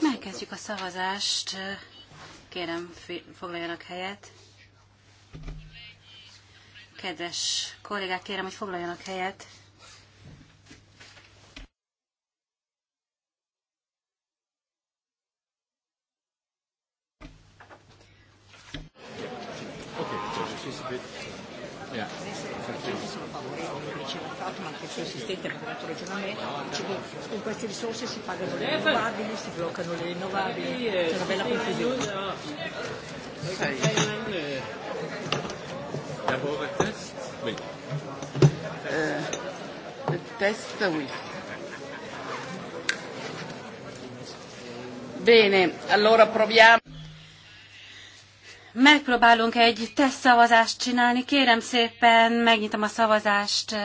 Megkezdjük a szavazást. Kérem, foglaljanak helyet. Kedves kollégák, kérem, hogy foglaljanak helyet. Questo qui. Bene, allora proviamo. Megpróbálunk egy tesztszavazást csinálni. Kérem szépen, megnyitom a szavazást.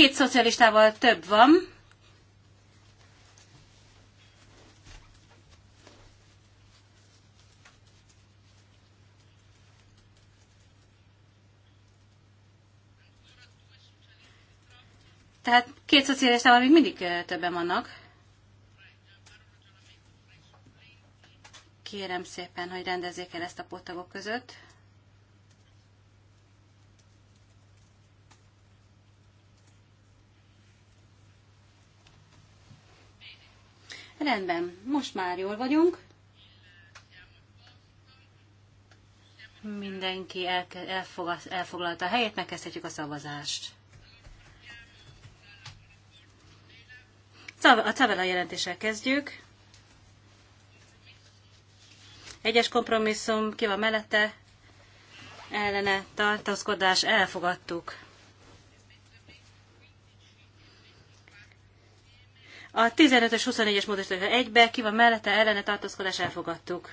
Két szocialistával több van. Tehát két szocialistával még mindig többen vannak. Kérem szépen, hogy rendezzék el ezt a pottagok között. Rendben, most már jól vagyunk. Mindenki elfoglalta a helyét, megkezdhetjük a szavazást. A tabela jelentéssel kezdjük. Egyes kompromisszum, ki van mellette? Ellene tartózkodás, elfogadtuk. A 15-ös, 24-es módosítása egybe, ki van mellette, ellene tartózkodás elfogadtuk.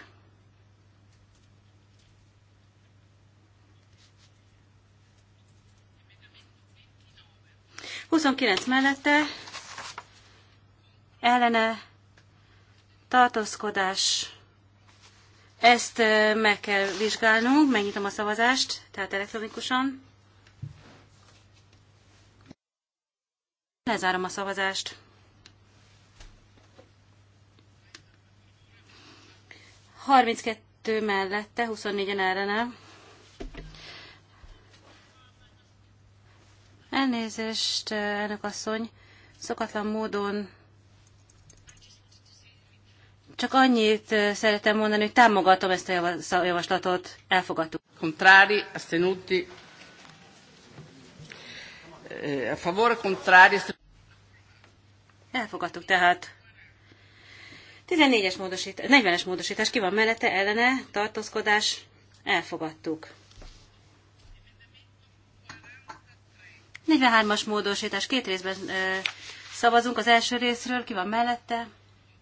Huszonkilenc mellette ellene tartózkodás. Ezt meg kell vizsgálnunk, megnyitom a szavazást, tehát elektronikusan. Lezárom a szavazást. 32 mellette, 24-en ellene. Elnézést, elnök asszony, szokatlan módon csak annyit eh, szeretem mondani, hogy támogatom ezt a javaslatot, elfogadtuk. Contrari, astenuti, eh, a favore, contrari, Elfogadtuk tehát. 14-es módosítás, 40-es módosítás ki van mellette, ellene, tartózkodás, elfogadtuk. 43-as módosítás, két részben ö, szavazunk az első részről, ki van mellette,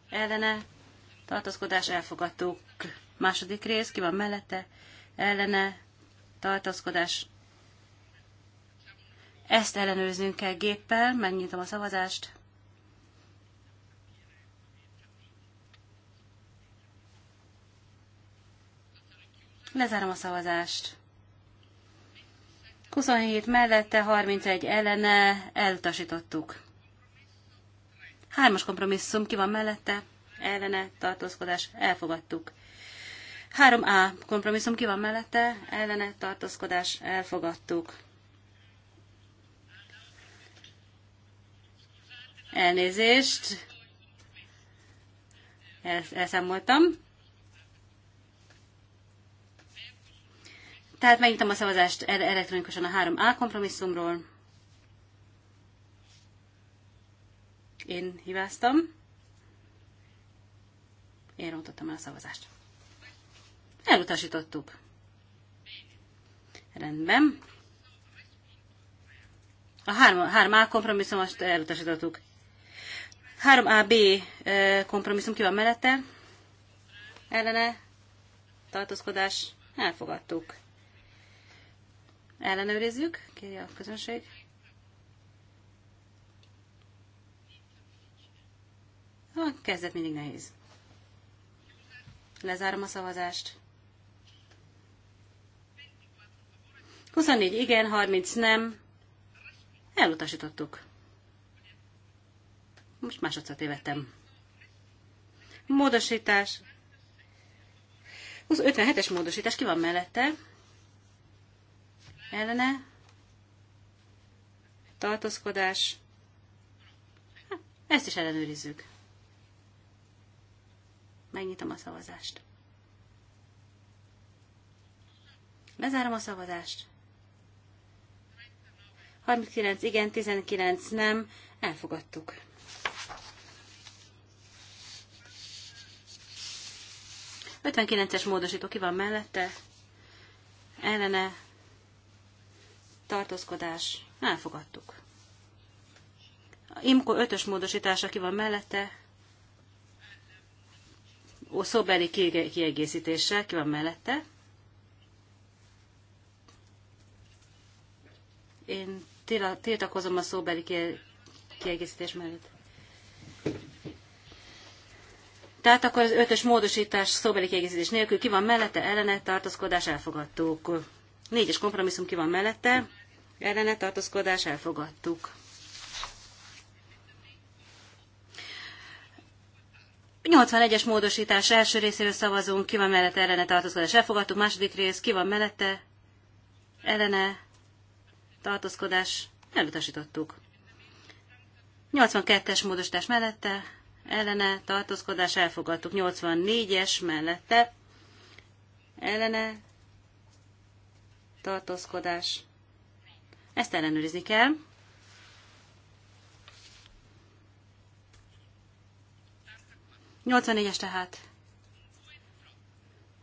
ellene, tartózkodás, elfogadtuk. Második rész, ki van mellette, ellene, tartózkodás. Ezt ellenőrznünk kell géppel, megnyitom a szavazást. Lezárom a szavazást. 27 mellette, 31 ellene, elutasítottuk. Hármas kompromisszum, ki van mellette? Ellene, tartózkodás, elfogadtuk. 3A kompromisszum, ki van mellette? Ellene, tartózkodás, elfogadtuk. Elnézést. El, elszámoltam. Tehát megnyitom a szavazást elektronikusan a 3A kompromisszumról. Én hibáztam. Én rontottam el a szavazást. Elutasítottuk. Rendben. A 3A kompromisszumost elutasítottuk. 3AB kompromisszum ki van mellette? Ellene? Tartózkodás? Elfogadtuk. Ellenőrizzük, kérje a közönség. A kezdet mindig nehéz. Lezárom a szavazást. 24 igen, 30 nem. Elutasítottuk. Most másodszor tévedtem. Módosítás. 57-es módosítás, ki van mellette? ellene tartózkodás. Hát, ezt is ellenőrizzük. Megnyitom a szavazást. Lezárom a szavazást. 39 igen, 19 nem. Elfogadtuk. Ötvenkilences módosító ki van mellette? Ellene tartózkodás, elfogadtuk. A IMKO ötös módosítása ki van mellette, a szóbeli kiegészítéssel ki van mellette. Én tiltakozom a szóbeli kiegészítés mellett. Tehát akkor az ötös módosítás szóbeli kiegészítés nélkül ki van mellette, ellene tartózkodás elfogadtuk. Négyes kompromisszum ki van mellette, ellene tartózkodás elfogadtuk. 81-es módosítás első részéről szavazunk, ki van mellette ellene tartózkodás elfogadtuk, második rész, ki van mellette ellene tartózkodás elutasítottuk. 82-es módosítás mellette ellene tartózkodás elfogadtuk, 84-es mellette ellene tartózkodás. Ezt ellenőrizni kell. Nyolcvan es tehát.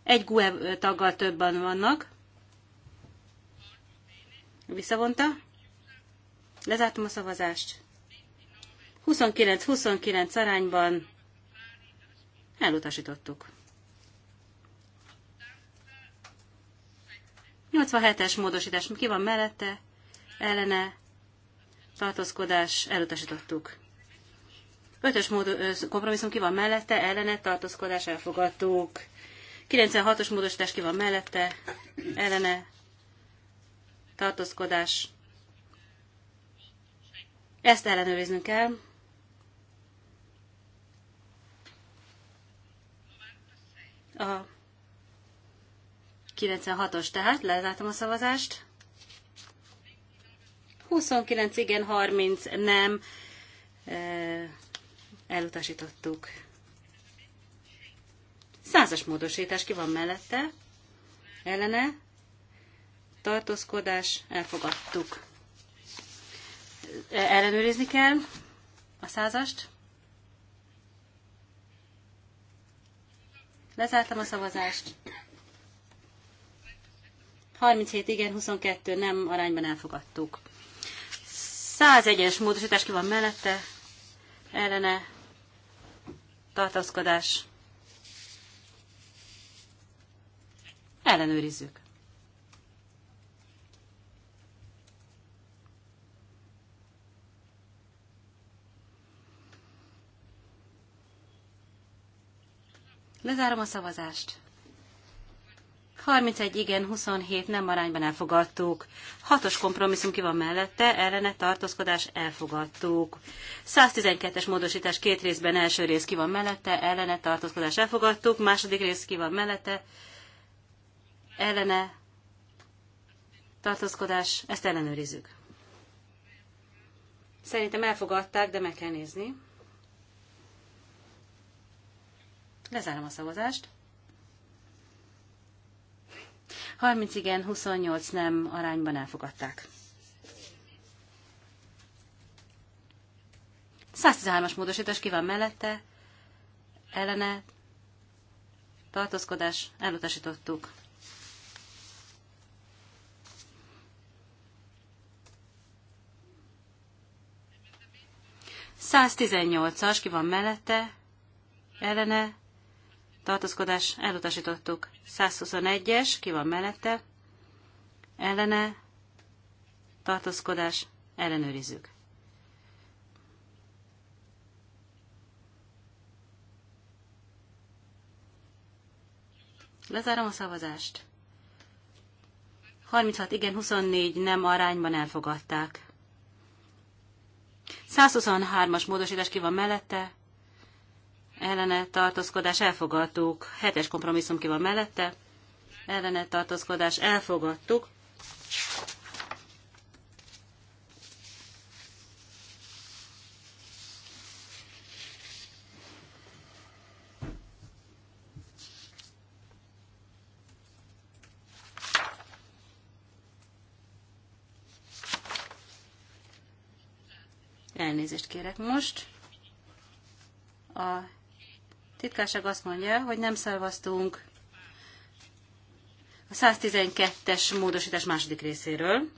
Egy GUE taggal többen vannak. Visszavonta. Lezártam a szavazást. 29-29 arányban elutasítottuk. 87-es módosítás ki van mellette, ellene tartózkodás elutasítottuk. 5-ös kompromisszum ki van mellette, ellene tartózkodás elfogadtuk. 96-os módosítás ki van mellette, ellene tartózkodás. Ezt ellenőriznünk kell. A 96-os tehát, lezártam a szavazást. 29 igen, 30 nem. Elutasítottuk. Százas módosítás ki van mellette? Ellene? Tartózkodás? Elfogadtuk. Ellenőrizni kell a százast. Lezártam a szavazást. 37 igen, 22 nem arányban elfogadtuk. 101-es módosítás ki van mellette, ellene tartózkodás. Ellenőrizzük. Lezárom a szavazást. 31 igen, 27 nem arányban elfogadtuk. Hatos kompromisszum ki van mellette, ellene tartózkodás elfogadtuk. 112-es módosítás két részben első rész ki van mellette, ellene tartózkodás elfogadtuk, második rész ki van mellette, ellene tartózkodás, ezt ellenőrizzük. Szerintem elfogadták, de meg kell nézni. Lezárom a szavazást. 30 igen, 28 nem arányban elfogadták. 113-as módosítás ki van mellette, ellene, tartózkodás, elutasítottuk. Száztizennyolcas, ki van mellette, ellene, tartózkodás elutasítottuk. 121-es, ki van mellette, ellene, tartózkodás, ellenőrizzük. Lezárom a szavazást. 36 igen, 24 nem arányban elfogadták. 123-as módosítás ki van mellette, ellene tartózkodás elfogadtuk. Hetes kompromisszum ki van mellette, ellene tartózkodás elfogadtuk. Elnézést kérek most. A titkárság azt mondja, hogy nem szavaztunk a 112-es módosítás második részéről.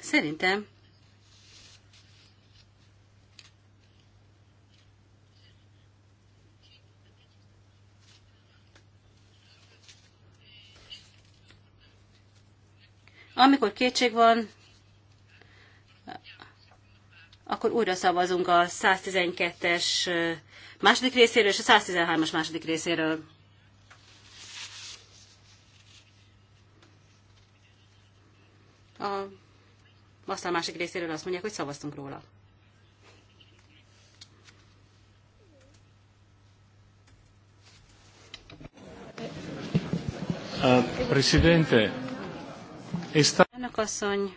Szerintem amikor kétség van, akkor újra szavazunk a 112-es második részéről és a 113-as második részéről. A a másik részéről azt mondják, hogy szavaztunk róla. Presidente, esta... Elnök asszony,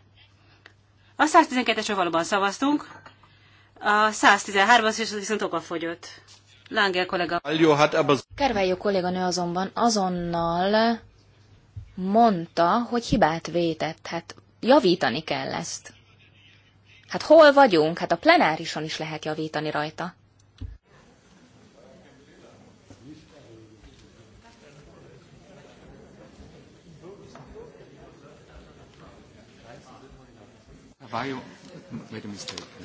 A 112 esre valóban szavaztunk, a 113-as viszont okafogyott. Lángel kollega. Kerveljó hát kolléganő azonban azonnal mondta, hogy hibát vétett, hát javítani kell ezt. Hát hol vagyunk? Hát a plenárison is lehet javítani rajta. Vaio,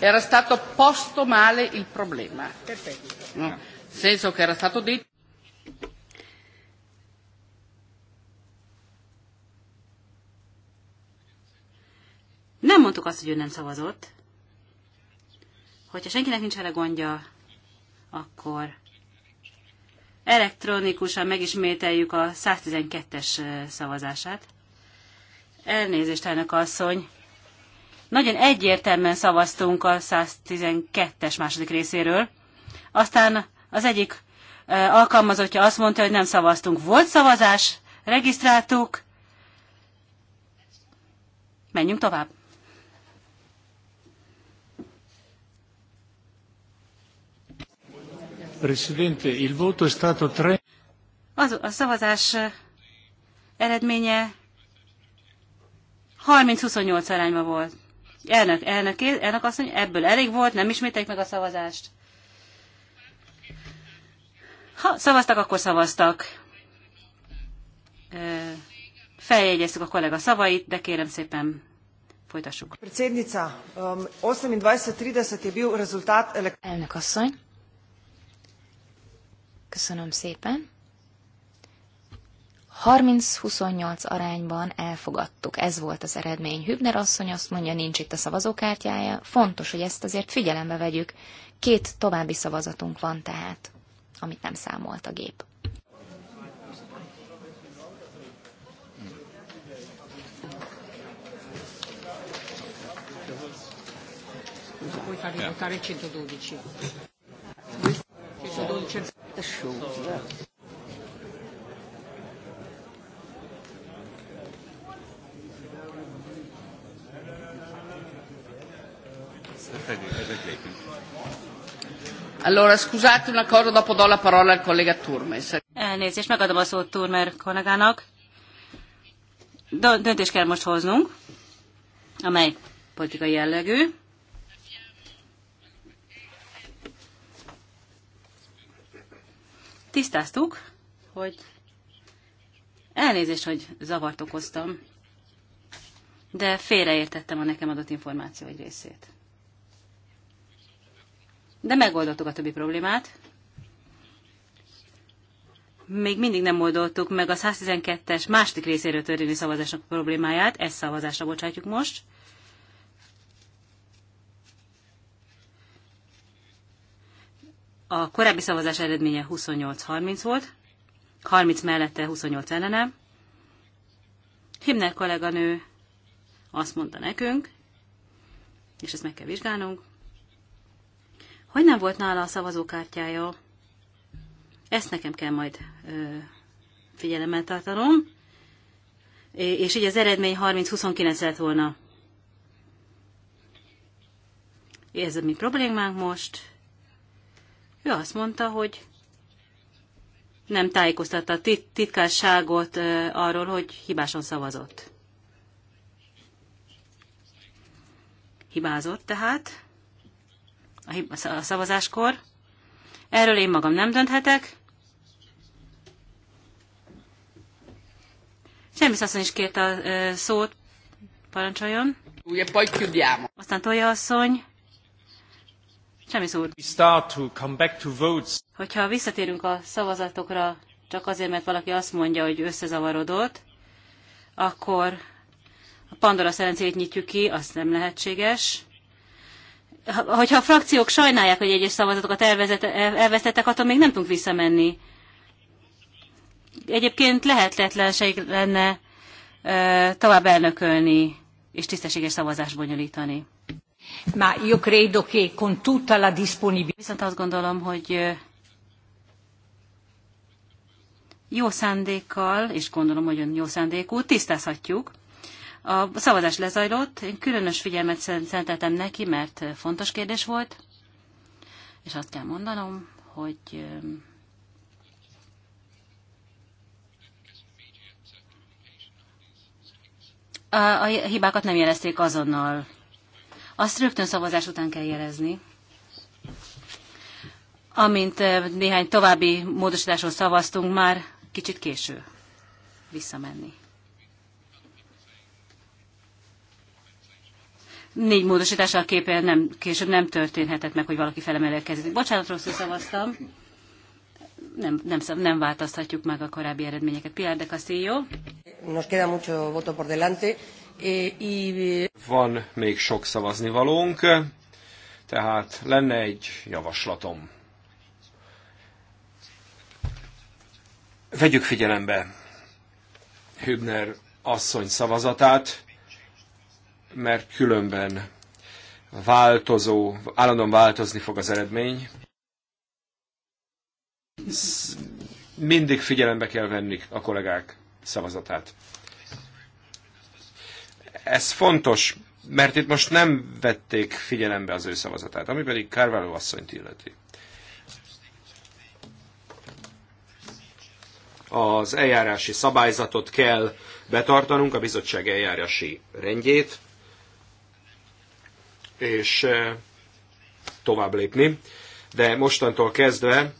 era stato posto male il problema. Perfetto. No? Nel senso che era stato detto. Nem mondtuk azt, hogy ő nem szavazott. Hogyha senkinek nincs erre gondja, akkor elektronikusan megismételjük a 112-es szavazását. Elnézést, elnök asszony, nagyon egyértelműen szavaztunk a 112-es második részéről. Aztán az egyik alkalmazottja azt mondta, hogy nem szavaztunk. Volt szavazás, regisztráltuk, menjünk tovább. Presidente, il voto è stato tre... Az, a szavazás eredménye 30-28 arányban volt. Elnök, elnök, elnök azt mondja, ebből elég volt, nem ismételjük meg a szavazást. Ha szavaztak, akkor szavaztak. Feljegyeztük a kollega szavait, de kérem szépen folytassuk. Um, elnök asszony, köszönöm szépen. 30-28 arányban elfogadtuk. Ez volt az eredmény. Hübner asszony azt mondja, nincs itt a szavazókártyája. Fontos, hogy ezt azért figyelembe vegyük. Két további szavazatunk van tehát, amit nem számolt a gép. Puoi Allora, scusate un accordo, dopo do la parola al collega Turmes. Elnézést, megadom a szót Turmer kollégának. Döntést kell most hoznunk, amely politikai jellegű. Tisztáztuk, hogy elnézést, hogy zavart okoztam, de félreértettem a nekem adott információ egy részét de megoldottuk a többi problémát. Még mindig nem oldottuk meg a 112-es második részéről történő szavazásnak a problémáját, ezt szavazásra bocsátjuk most. A korábbi szavazás eredménye 28-30 volt, 30 mellette 28 ellene. Himner kolléganő azt mondta nekünk, és ezt meg kell vizsgálnunk, hogy nem volt nála a szavazókártyája. Ezt nekem kell majd ö, figyelemmel tartanom. És így az eredmény 30-29 lett volna. Ez a mi problémánk most. Ő azt mondta, hogy nem tájékoztatta a tit- titkárságot ö, arról, hogy hibásan szavazott. Hibázott tehát a szavazáskor. Erről én magam nem dönthetek. Semmi asszony is kérte a szót, parancsoljon. Ugye, Aztán Tolja asszony. Semmi szó. Hogyha visszatérünk a szavazatokra, csak azért, mert valaki azt mondja, hogy összezavarodott, akkor a Pandora szerencét nyitjuk ki, az nem lehetséges hogyha a frakciók sajnálják, hogy egyes szavazatokat elvesztettek, attól még nem tudunk visszamenni. Egyébként lehetetlenség lenne tovább elnökölni és tisztességes szavazást bonyolítani. Ma io credo che con tutta la disponibilità. Viszont azt gondolom, hogy jó szándékkal, és gondolom, hogy ön jó szándékú, tisztázhatjuk a szavazás lezajlott, én különös figyelmet szenteltem neki, mert fontos kérdés volt, és azt kell mondanom, hogy a, hibákat nem jelezték azonnal. Azt rögtön szavazás után kell jelezni. Amint néhány további módosításról szavaztunk, már kicsit késő visszamenni. négy módosítással képen nem, később nem történhetett meg, hogy valaki felemelkezik. Bocsánat, rosszul szavaztam. Nem, nem, nem változtatjuk meg a korábbi eredményeket. Pilar de Castillo. Nos queda mucho voto por delante. Eh, Van még sok szavaznivalónk, tehát lenne egy javaslatom. Vegyük figyelembe Hübner asszony szavazatát, mert különben változó, állandóan változni fog az eredmény. Mindig figyelembe kell venni a kollégák szavazatát. Ez fontos, mert itt most nem vették figyelembe az ő szavazatát, ami pedig Carvalho asszonyt illeti. Az eljárási szabályzatot kell betartanunk, a bizottság eljárási rendjét, és eh, tovább lépni. De mostantól kezdve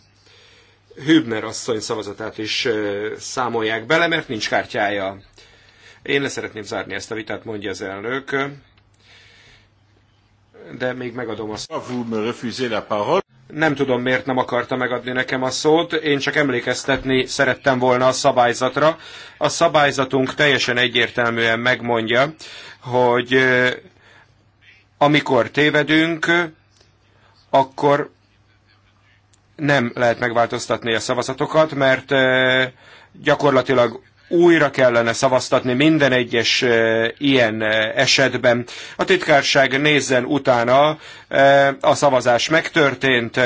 Hübner asszony szavazatát is eh, számolják bele, mert nincs kártyája. Én le szeretném zárni ezt a vitát, mondja az elnök. De még megadom a ah, szót. Nem tudom, miért nem akarta megadni nekem a szót, én csak emlékeztetni szerettem volna a szabályzatra. A szabályzatunk teljesen egyértelműen megmondja, hogy eh, amikor tévedünk, akkor nem lehet megváltoztatni a szavazatokat, mert gyakorlatilag újra kellene szavaztatni minden egyes ilyen esetben. A titkárság nézzen utána, a szavazás megtörtént,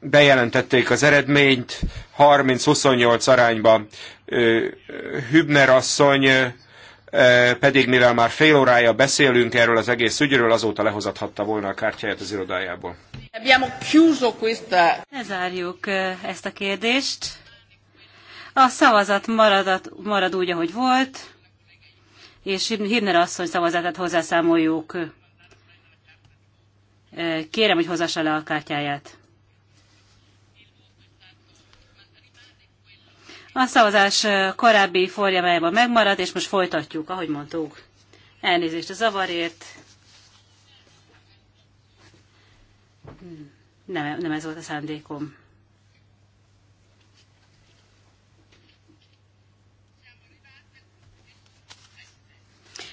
bejelentették az eredményt, 30-28 arányba Hübner asszony Eh, pedig mivel már fél órája beszélünk erről az egész ügyről, azóta lehozathatta volna a kártyáját az irodájából. zárjuk eh, ezt a kérdést. A szavazat maradat, marad úgy, ahogy volt, és Hirner asszony szavazatát hozzászámoljuk. Eh, kérem, hogy hozassa le a kártyáját. A szavazás korábbi formájában megmaradt, és most folytatjuk, ahogy mondtuk. Elnézést a zavarért. Hmm, nem, nem ez volt a szándékom.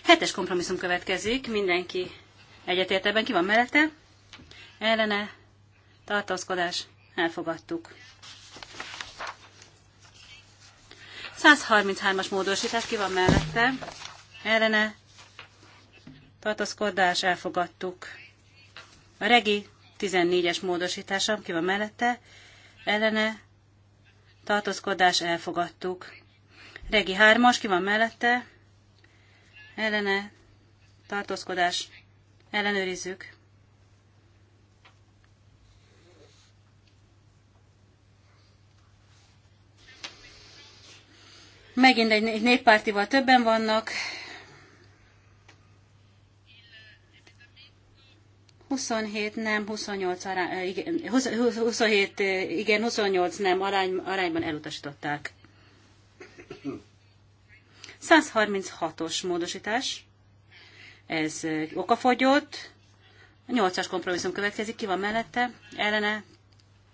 Hetes kompromisszum következik, mindenki egyetért ebben, ki van mellette? Ellene, tartózkodás, elfogadtuk. 133-as módosítás ki van mellette, ne. tartózkodás elfogadtuk. A regi 14-es módosítása ki van mellette, ellene tartózkodás elfogadtuk. Regi 3-as ki van mellette, ellene tartózkodás ellenőrizzük. Megint egy, egy néppártival többen vannak. 27 nem, 28 arány, eh, igen, 27 eh, igen, 28 nem arány, arányban elutasították. 136-os módosítás. Ez eh, okafogyott. A 8-as kompromisszum következik. Ki van mellette? Ellene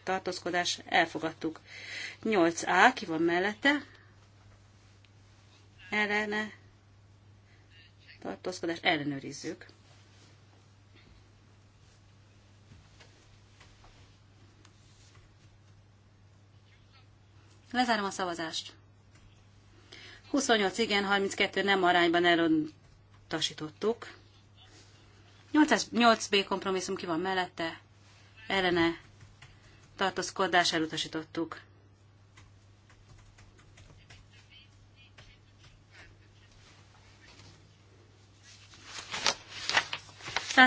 tartózkodás elfogadtuk. 8A, ki van mellette? ellene tartózkodás ellenőrizzük. Lezárom a szavazást. 28 igen, 32 nem arányban elutasítottuk. 8B kompromisszum ki van mellette, ellene tartózkodás elutasítottuk.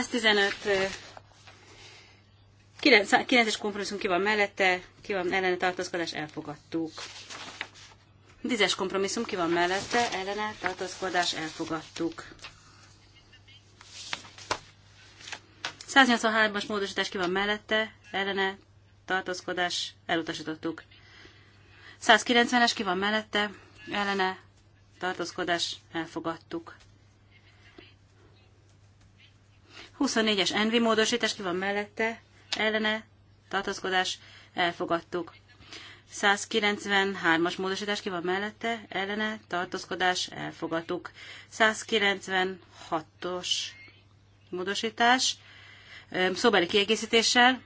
115 9-es kompromisszum ki van mellette, ki van ellene tartózkodás, elfogadtuk. 10-es kompromisszum ki van mellette, ellene tartózkodás, elfogadtuk. 183-as módosítás ki van mellette, ellene tartózkodás, elutasítottuk. 190-es ki van mellette, ellene tartózkodás, elfogadtuk. 24-es envi módosítás, ki van mellette, ellene, tartózkodás, elfogadtuk. 193-as módosítás ki van mellette, ellene, tartózkodás, elfogadtuk. 196-os módosítás, szóbeli kiegészítéssel,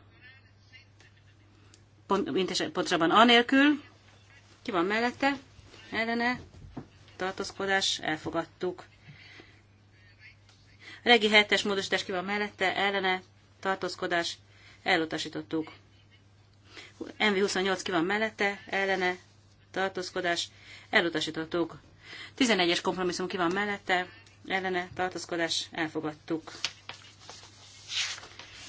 pont, pontosabban anélkül, ki van mellette, ellene, tartózkodás, elfogadtuk. Regi 7 módosítás ki van mellette, ellene, tartózkodás, elutasítottuk. MV28 ki van mellette, ellene, tartózkodás, elutasítottuk. 11-es kompromisszum ki van mellette, ellene, tartózkodás, elfogadtuk.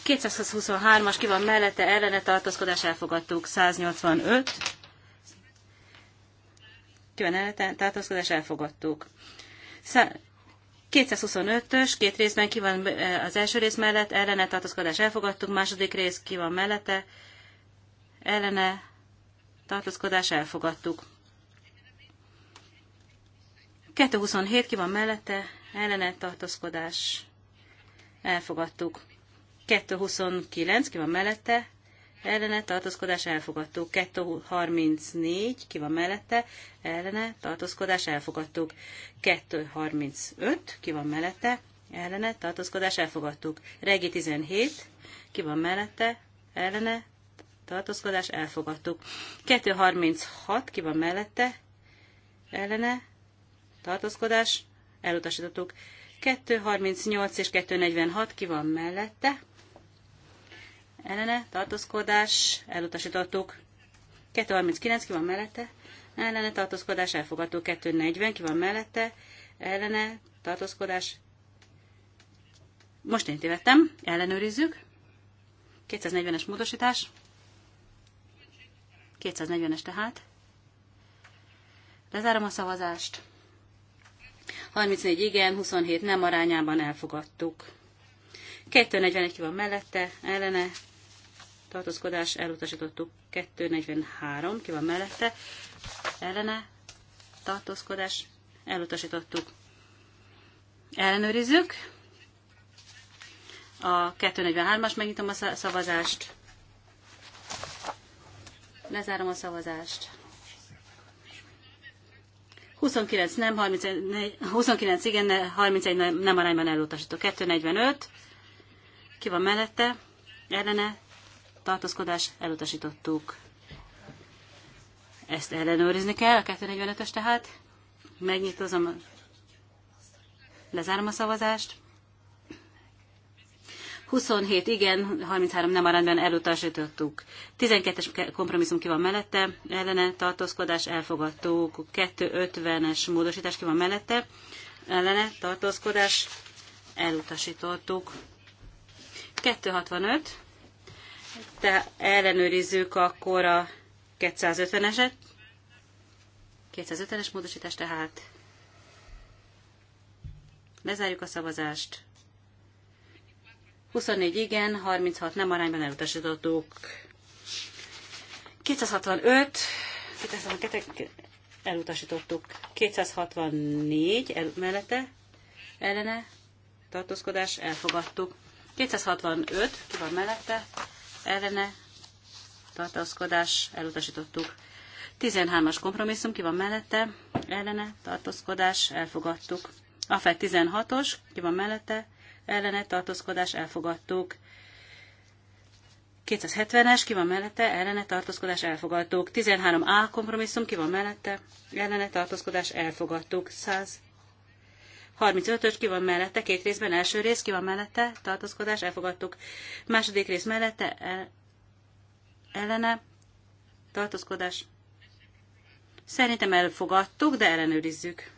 223-as ki van mellette, ellene, tartózkodás, elfogadtuk. 185 ki van ellene, tartózkodás, elfogadtuk. 225-ös, két részben ki van az első rész mellett, ellene tartózkodás elfogadtuk, második rész ki van mellette, ellene tartózkodás elfogadtuk. 227 ki van mellette, ellene tartózkodás elfogadtuk. 229 ki van mellette, ellene tartózkodás elfogadtuk. 234, ki van mellette, ellene tartózkodás elfogadtuk. 235, ki van mellette, ellene tartózkodás elfogadtuk. Regi 17, ki van mellette, ellene tartózkodás elfogadtuk. 236, ki van mellette, ellene tartózkodás elutasítottuk. 238 és 246 ki van mellette, ellene tartózkodás elutasítottuk. 239 ki van mellette, ellene tartózkodás elfogadtuk. 240 ki van mellette, ellene tartózkodás. Most én tévedtem, ellenőrizzük. 240-es módosítás. 240-es tehát. Lezárom a szavazást. 34 igen, 27 nem arányában elfogadtuk. 241 ki van mellette, ellene, tartózkodás elutasítottuk 243, ki van mellette, ellene tartózkodás elutasítottuk. Ellenőrizzük. A 243-as megnyitom a szavazást. Lezárom a szavazást. 29 nem, 31, 29 igen, 31 nem, nem arányban elutasító. 245. Ki van mellette? Ellene tartózkodás elutasítottuk. Ezt ellenőrizni kell, a 245-ös tehát. Megnyitom, lezárom a szavazást. 27 igen, 33 nem arányban elutasítottuk. 12-es kompromisszum ki van mellette, ellene tartózkodás elfogadtuk. 250-es módosítás ki van mellette, ellene tartózkodás elutasítottuk. 265 te ellenőrizzük akkor a 250-eset. 250-es módosítás tehát. Lezárjuk a szavazást. 24 igen, 36 nem arányban elutasítottuk. 265, 262 elutasítottuk. 264 el, mellette ellene tartózkodás elfogadtuk. 265 ki van mellette ellene tartózkodás elutasítottuk. 13-as kompromisszum ki van mellette, ellene tartózkodás elfogadtuk. A 16-os ki van mellette, ellene tartózkodás elfogadtuk. 270-es, ki van mellette, ellene tartózkodás elfogadtuk. 13A kompromisszum, ki van mellette, ellene tartózkodás elfogadtuk. 100 35-ös ki van mellette, két részben, első rész ki van mellette, tartózkodás, elfogadtuk. Második rész mellette, el, ellene, tartózkodás. Szerintem elfogadtuk, de ellenőrizzük.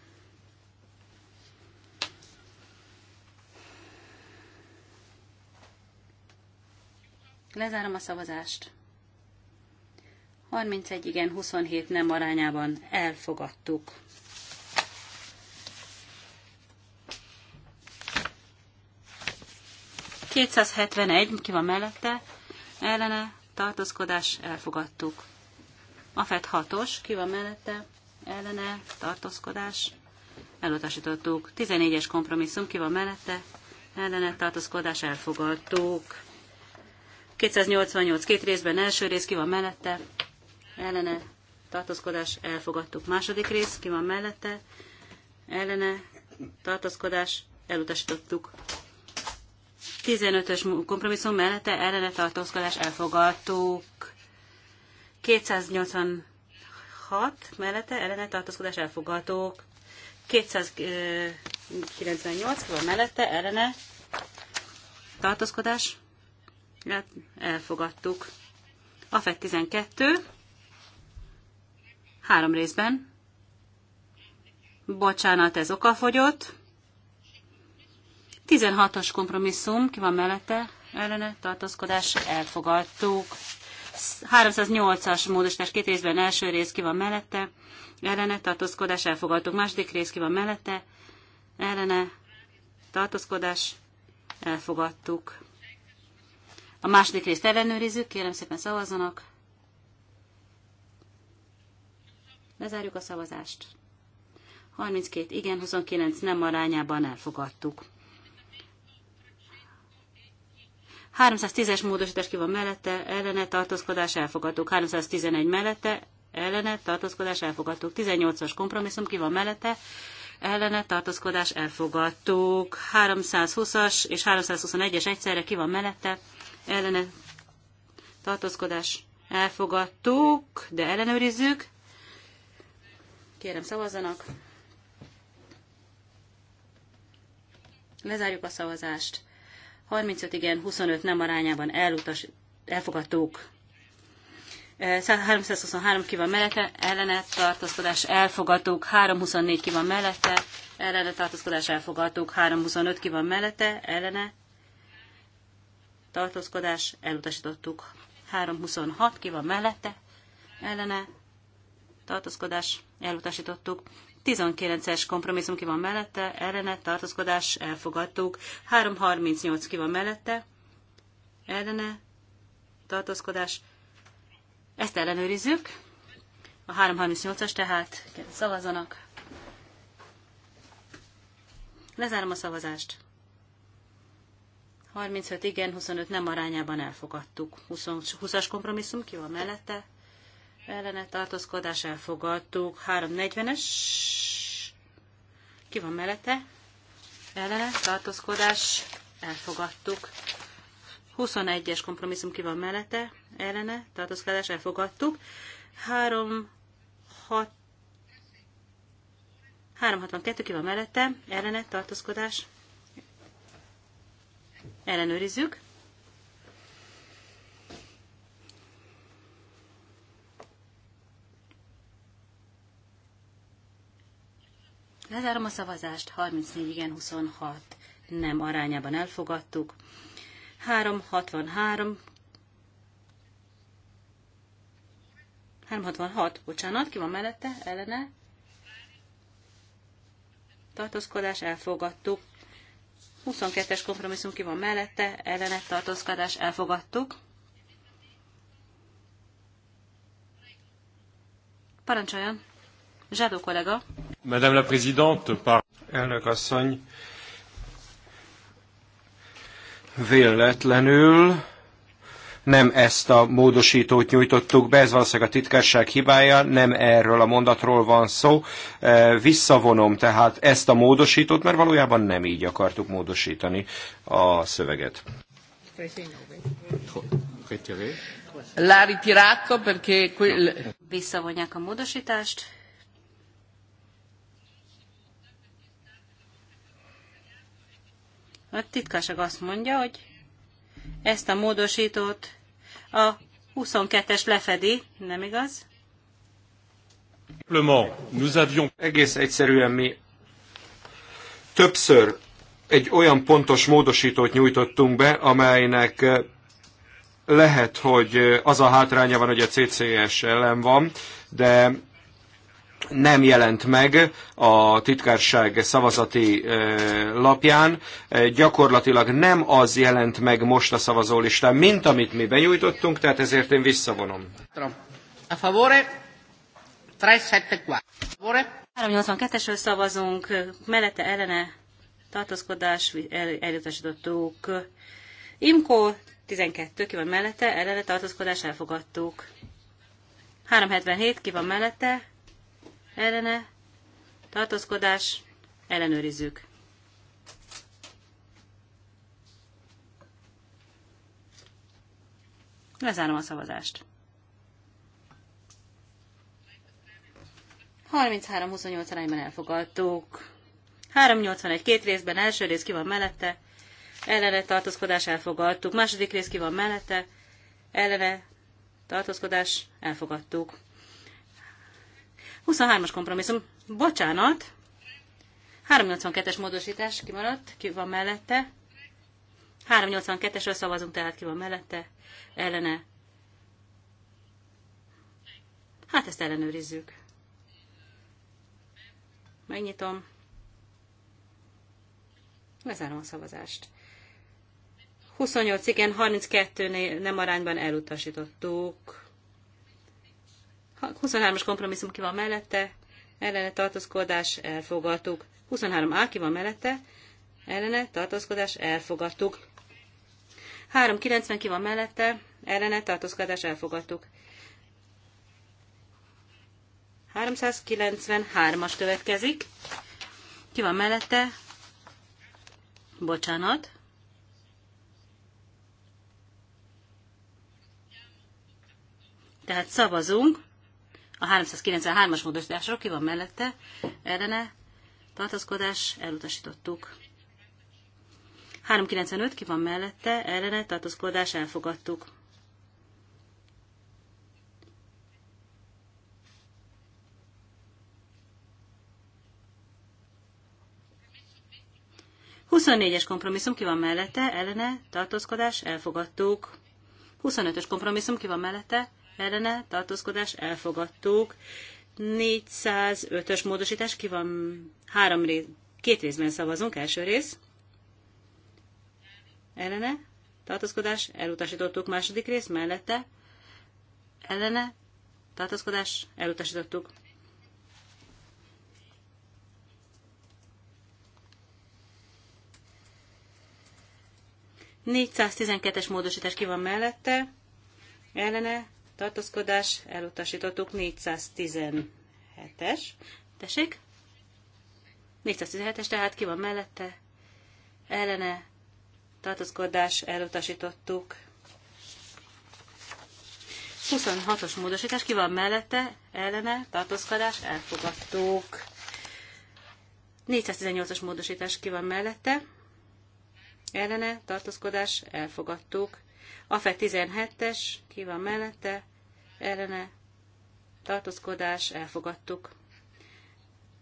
Lezárom a szavazást. 31 igen, 27 nem arányában elfogadtuk. 271, ki van mellette, ellene, tartózkodás, elfogadtuk. A FED 6-os, ki van mellette, ellene, tartózkodás, elutasítottuk. 14-es kompromisszum, ki van mellette, ellene, tartózkodás, elfogadtuk. 288, két részben, első rész, ki van mellette, ellene, tartózkodás, elfogadtuk. Második rész, ki van mellette, ellene, tartózkodás, elutasítottuk. 15-ös kompromisszum mellette ellene tartózkodás elfogadtuk. 286 mellette ellene tartózkodás elfogadtuk. 298 van mellette ellene tartózkodás hát elfogadtuk. A FED 12 három részben. Bocsánat, ez okafogyott. 16-os kompromisszum, ki van mellette, ellene, tartózkodás, elfogadtuk. 308-as módosítás két részben első rész ki van mellette, ellene, tartózkodás, elfogadtuk. Második rész ki van mellette, ellene, tartózkodás, elfogadtuk. A második részt ellenőrizzük, kérem szépen szavazzanak. Lezárjuk a szavazást. 32 igen, 29 nem arányában elfogadtuk. 310-es módosítás ki van mellette, ellene tartózkodás elfogadtuk. 311 mellette, ellene tartózkodás elfogadtuk. 18-as kompromisszum ki van mellette, ellene tartózkodás elfogadtuk. 320-as és 321-es egyszerre ki van mellette, ellene tartózkodás elfogadtuk, de ellenőrizzük. Kérem szavazzanak. Lezárjuk a szavazást. 35 igen, 25 nem arányában elutas, elfogadtók. 323 ki van mellette, ellene tartózkodás elfogadtuk, 324 ki van mellette, ellene tartózkodás elfogadtuk, 325 ki van mellette, ellene tartózkodás elutasítottuk, 326 ki van mellette, ellene tartózkodás elutasítottuk, 19-es kompromisszum ki van mellette, ellene, tartózkodás, elfogadtuk. 338 ki van mellette, ellene, tartózkodás. Ezt ellenőrizzük. A 338-as tehát szavazanak. Lezárom a szavazást. 35 igen, 25 nem arányában elfogadtuk. 20-as kompromisszum ki van mellette, ellene tartózkodás elfogadtuk. 340-es ki van mellette? Ellene tartózkodás elfogadtuk. 21-es kompromisszum ki van mellette? Ellene tartózkodás elfogadtuk. 3 362 ki van mellette, ellene tartózkodás. Ellenőrizzük. Lezárom a szavazást, 34 igen, 26 nem arányában elfogadtuk. 363, 366, bocsánat, ki van mellette, ellene, tartózkodás, elfogadtuk. 22-es kompromisszum ki van mellette, ellene, tartózkodás, elfogadtuk. Parancsoljon, Zsádó kollega. Madame la Présidente, par... Elnök asszony, véletlenül nem ezt a módosítót nyújtottuk be, ez valószínűleg a titkárság hibája, nem erről a mondatról van szó. E, visszavonom tehát ezt a módosítót, mert valójában nem így akartuk módosítani a szöveget. Visszavonják a módosítást, A titkárság azt mondja, hogy ezt a módosítót a 22-es lefedi, nem igaz? Egész egyszerűen mi többször egy olyan pontos módosítót nyújtottunk be, amelynek eh, lehet, hogy eh, az a hátránya van, hogy a CCS ellen van, de nem jelent meg a titkárság szavazati lapján. Gyakorlatilag nem az jelent meg most a szavazólistán, mint amit mi benyújtottunk, tehát ezért én visszavonom. A favore 374. Favore 382-esről szavazunk, mellette ellene tartózkodás el, Imko 12, ki van mellette, ellene tartózkodás elfogadtuk. 377, ki van mellette, ellene, tartózkodás, ellenőrizzük. Lezárom a szavazást. 33-28 arányban elfogadtuk. 381 két részben, első rész ki van mellette, ellene tartózkodás elfogadtuk, második rész ki van mellette, ellene tartózkodás elfogadtuk. 23-as kompromisszum. Bocsánat. 382-es módosítás kimaradt. Ki van mellette? 382-esről szavazunk, tehát ki van mellette? Ellene. Hát ezt ellenőrizzük. Megnyitom. Lezárom a szavazást. 28, igen, 32 nem arányban elutasítottuk. 23-as kompromisszum ki van mellette, ellene tartózkodás elfogadtuk. 23A ki van mellette, ellene tartózkodás elfogadtuk. 390 ki van mellette, ellene tartózkodás elfogadtuk. 393-as következik. Ki van mellette? Bocsánat. Tehát szavazunk a 393-as módosításról ki van mellette, ellene, tartózkodás, elutasítottuk. 395 ki van mellette, ellene, tartózkodás, elfogadtuk. es kompromisszum ki van mellette, ellene, tartózkodás, elfogadtuk. 25-ös kompromisszum ki van mellette, ellene tartózkodás elfogadtuk. 405-ös módosítás, ki van három rész, két részben szavazunk, első rész, ellene, tartózkodás, elutasítottuk második rész, mellette, ellene, tartózkodás, elutasítottuk. Négyszáztizenkettes módosítás ki van mellette, ellene, tartózkodás, elutasítottuk 417-es. Tessék? 417-es, tehát ki van mellette? Ellene tartózkodás, elutasítottuk 26-os módosítás, ki van mellette? Ellene tartózkodás, elfogadtuk. 418-as módosítás ki van mellette. Ellene tartózkodás, elfogadtuk. AFE 17-es, ki van mellette, ellene tartózkodás elfogadtuk.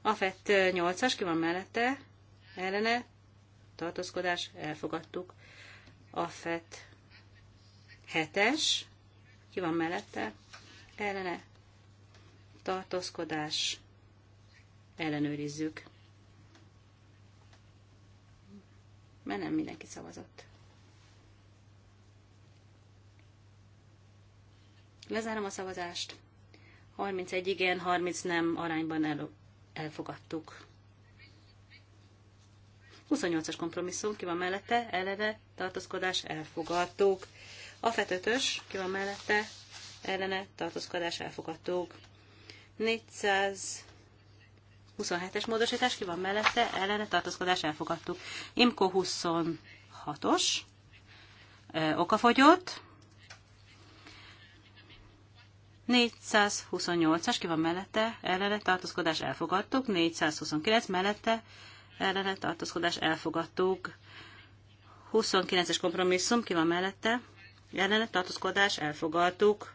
AFET 8-as, ki van mellette, ellene tartózkodás elfogadtuk. AFET 7-es, ki van mellette, ellene tartózkodás ellenőrizzük. Mert nem mindenki szavazott. Lezárom a szavazást. 31 igen, 30 nem arányban el, elfogadtuk. 28-as kompromisszum, ki van mellette, eleve, tartózkodás, elfogadtuk. A fetötös, ki van mellette, ellene, tartózkodás, elfogadtuk. 427-es e módosítás, ki van mellette, ellene, tartózkodás, elfogadtuk. Imko 26-os, okafogyott, 428-as, ki van mellette, ellene tartózkodás elfogadtuk, 429 mellette, ellene tartózkodás elfogadtuk, 29-es kompromisszum, ki van mellette, ellene tartózkodás elfogadtuk,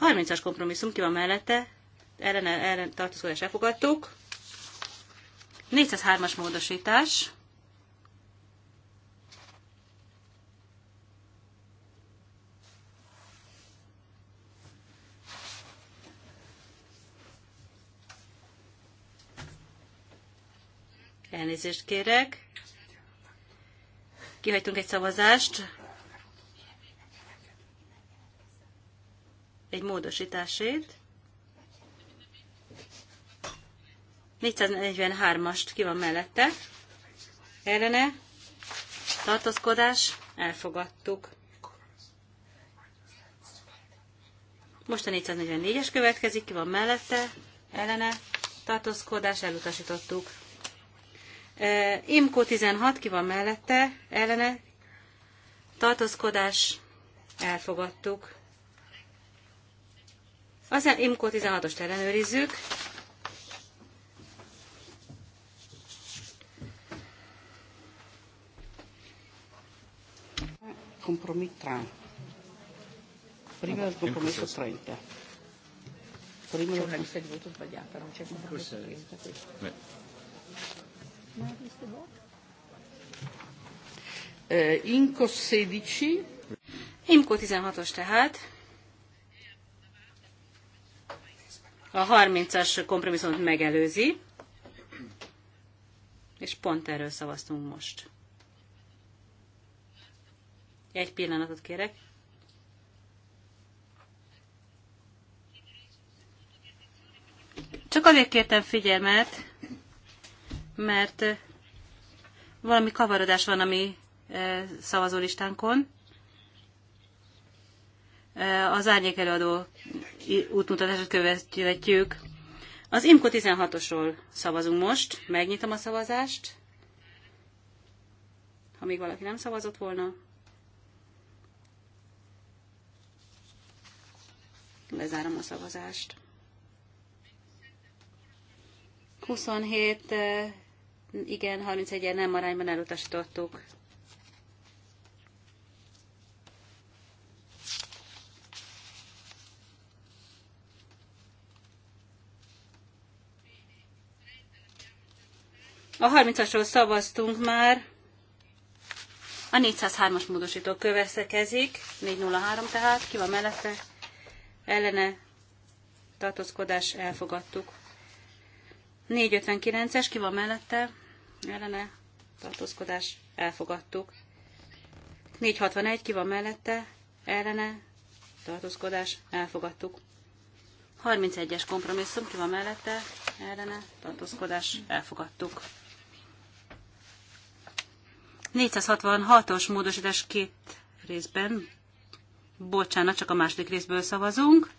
30-as kompromisszum, ki van mellette, ellene, ellene tartózkodás elfogadtuk, 403-as módosítás, Elnézést kérek. Kihagytunk egy szavazást. Egy módosításét. 443-ast ki van mellette. Ellene. Tartózkodás. Elfogadtuk. Most a 444-es következik, ki van mellette, ellene, tartózkodás, elutasítottuk. Imko 16, ki van mellette, ellene, tartózkodás, elfogadtuk. Aztán Imko 16-ost ellenőrizzük. Kompromiss 3. Prima del compromesso 30. Prima del compromesso sbagliato, 30. Eh, Inco 16. 16-os tehát. A 30-as kompromisszumot megelőzi, és pont erről szavaztunk most. Egy pillanatot kérek. Csak azért kértem figyelmet, mert eh, valami kavarodás van a mi eh, szavazólistánkon. Eh, az árnyék előadó útmutatását követjük. Az IMKO 16-osról szavazunk most. Megnyitom a szavazást. Ha még valaki nem szavazott volna. Lezárom a szavazást. 27 igen, 31 nem arányban elutasítottuk. A 30-asról szavaztunk már. A 403-as módosító köveszekezik, 403 tehát, ki van mellette, ellene tartózkodás elfogadtuk. 459-es, ki van mellette, ellene tartózkodás elfogadtuk. 461 ki van mellette, ellene tartózkodás elfogadtuk. 31-es kompromisszum ki van mellette, ellene tartózkodás elfogadtuk. 466-os módosítás két részben. Bocsánat, csak a második részből szavazunk.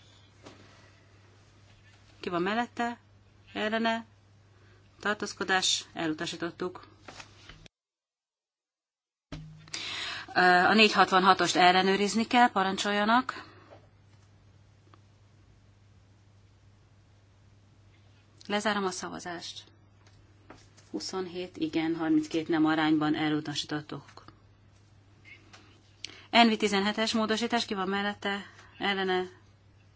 Ki van mellette? Ellene? tartózkodás, elutasítottuk. A 466-ost ellenőrizni kell, parancsoljanak. Lezárom a szavazást. 27 igen, 32 nem arányban elutasítottuk. Envi 17-es módosítás, ki van mellette? Ellene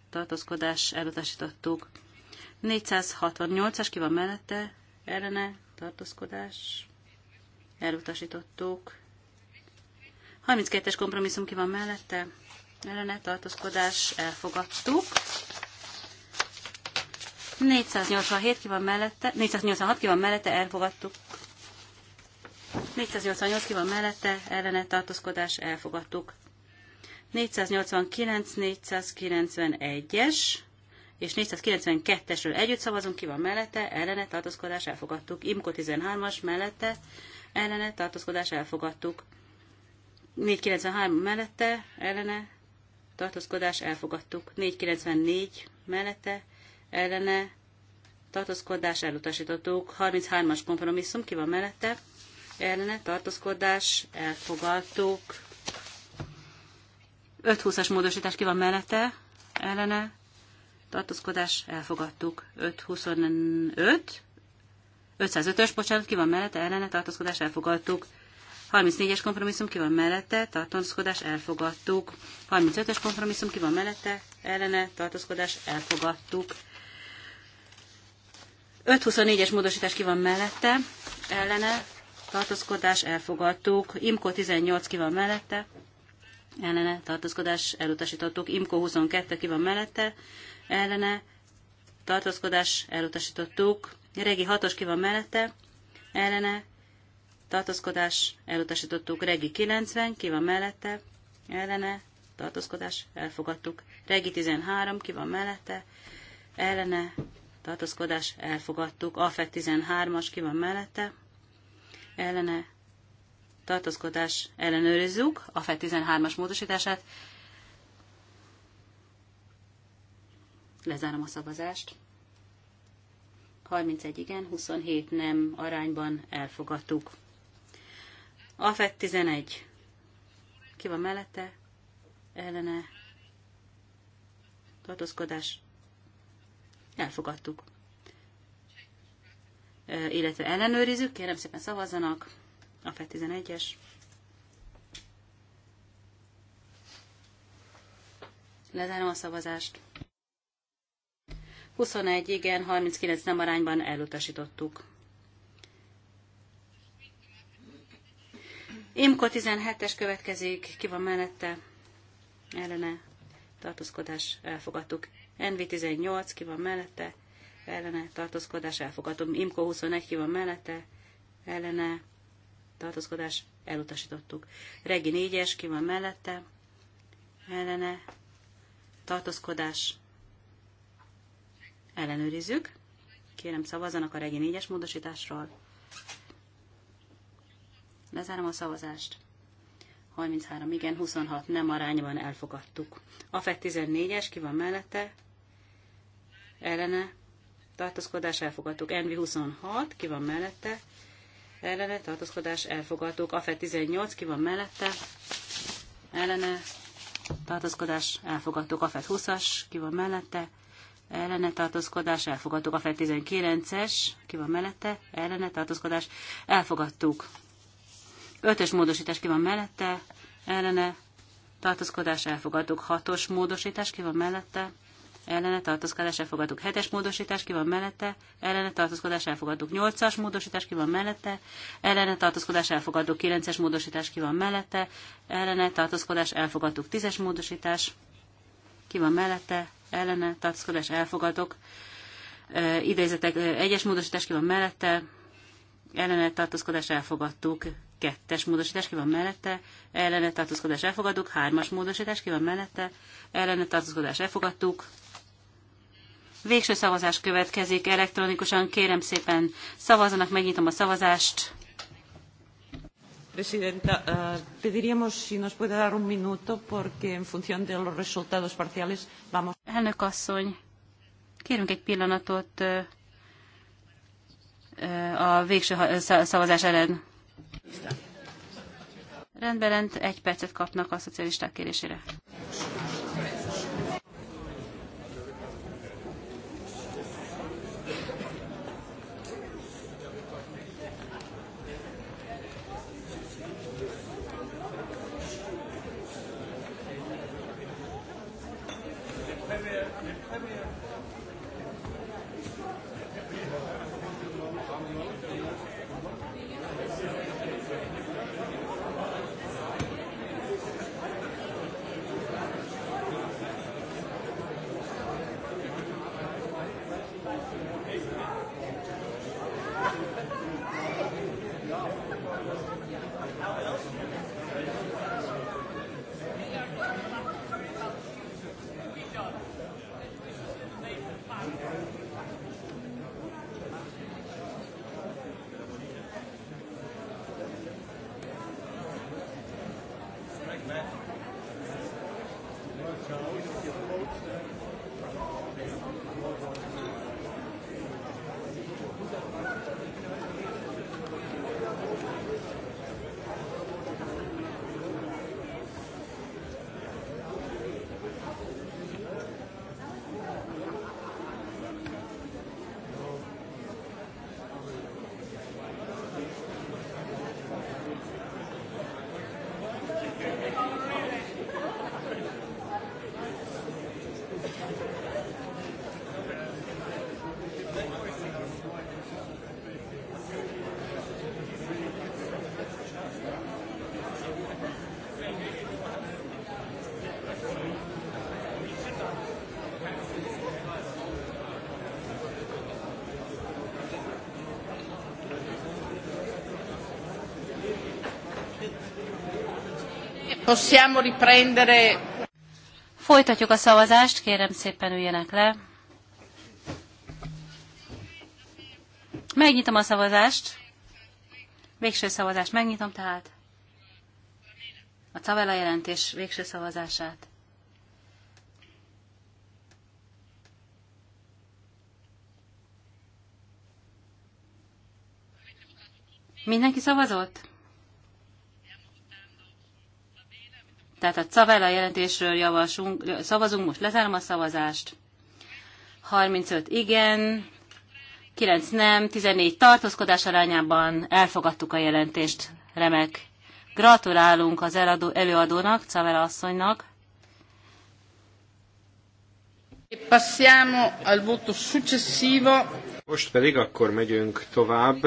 tartózkodás elutasítottuk. 468-as, ki van mellette? ellene tartózkodás elutasítottuk. 32-es kompromisszum ki van mellette, ellene tartózkodás elfogadtuk. 487 ki van mellette, 486 ki van mellette, elfogadtuk. 488 ki van mellette, ellene tartózkodás elfogadtuk. 489, 491-es és 492-esről együtt szavazunk, ki van mellette, ellene tartózkodás elfogadtuk. Imko 13-as mellette, ellene tartózkodás elfogadtuk. 493 mellette, ellene tartózkodás elfogadtuk. 494 mellette, ellene tartózkodás elutasítottuk. 33-as kompromisszum, ki van mellette, ellene tartózkodás elfogadtuk. 520-as módosítás ki van mellette, ellene tartózkodás, elfogadtuk. 525, 505-ös, bocsánat, ki van mellette, ellene, tartózkodás, elfogadtuk. 34-es kompromisszum ki van mellette, tartózkodás, elfogadtuk. 35-ös kompromisszum ki van mellette, ellene, tartózkodás, elfogadtuk. 524-es módosítás ki van mellette, ellene, tartózkodás, elfogadtuk. Imko 18 ki van mellette, ellene, tartózkodás, elutasítottuk. Imko 22 ki van mellette, ellene tartózkodás elutasítottuk. Regi 6-os ki van mellette, ellene tartózkodás elutasítottuk. Regi 90 ki van mellette, ellene tartózkodás elfogadtuk. Regi 13 ki van mellette, ellene tartózkodás elfogadtuk. Afet 13-as ki van mellette, ellene tartózkodás ellenőrizzük. Afet 13-as módosítását Lezárom a szavazást. 31 igen, 27 nem arányban elfogadtuk. AFET 11. Ki van mellette? Ellene. Tartózkodás. Elfogadtuk. Illetve ellenőrizzük, kérem szépen szavazzanak. AFET 11-es. Lezárom a szavazást. 21 igen, 39 nem arányban elutasítottuk. Imko 17-es következik, ki van mellette? Ellene tartózkodás elfogadtuk. NV 18, ki van mellette? Ellene tartózkodás elfogadtuk. Imko 21, ki van mellette? Ellene tartózkodás elutasítottuk. Regi 4-es, ki van mellette? Ellene tartózkodás Ellenőrizzük. Kérem szavazzanak a regi 4-es módosításról. Lezárom a szavazást. 33 igen, 26 nem arányban elfogadtuk. A FET 14-es, ki van mellette? Ellene. Tartózkodás elfogadtuk. Envi 26, ki van mellette? Ellene. Tartózkodás elfogadtuk. A FET 18, ki van mellette? Ellene. Tartózkodás elfogadtuk. A FET 20-as, ki van mellette? ellene tartózkodás, elfogadtuk a FED 19-es, ki van mellette, ellene tartózkodás, elfogadtuk. Ötös módosítás ki van mellette, ellene tartózkodás, elfogadtuk. Hatos módosítás ki van mellette, ellene tartózkodás, elfogadtuk. Hetes módosítás ki van mellette, ellene tartózkodás, elfogadtuk. Nyolcas módosítás ki van mellette, ellene tartózkodás, elfogadtuk. Kilences módosítás ki van mellette, ellene tartózkodás, elfogadtuk. Tízes módosítás ki van mellette, ellene tartózkodás elfogadok. Idézetek egyes módosítás ki van mellette, ellene tartózkodás elfogadtuk. Kettes módosítás ki van mellette, ellene tartózkodás elfogadtuk. Hármas módosítás ki van mellette, ellene tartózkodás elfogadtuk. Végső szavazás következik elektronikusan. Kérem szépen szavazzanak, megnyitom a szavazást. Presidenta, uh, pediríamos si nos puede dar un minuto, porque en función de los resultados parciales vamos. Elnök asszony, kérünk egy pillanatot uh, a végső szavazás ellen. Rendben, egy percet kapnak a szocialisták kérésére. Possiamo riprendere. Folytatjuk a szavazást, kérem szépen üljenek le. Megnyitom a szavazást. Végső szavazást megnyitom tehát. A Cavella jelentés végső szavazását. Mindenki szavazott? Tehát a Cavella jelentésről javasunk, szavazunk, most lezárom a szavazást. 35 igen, 9 nem, 14 tartózkodás arányában elfogadtuk a jelentést. Remek. Gratulálunk az eladó, előadónak, Cavella asszonynak. Passiamo al voto successivo. Most pedig akkor megyünk tovább.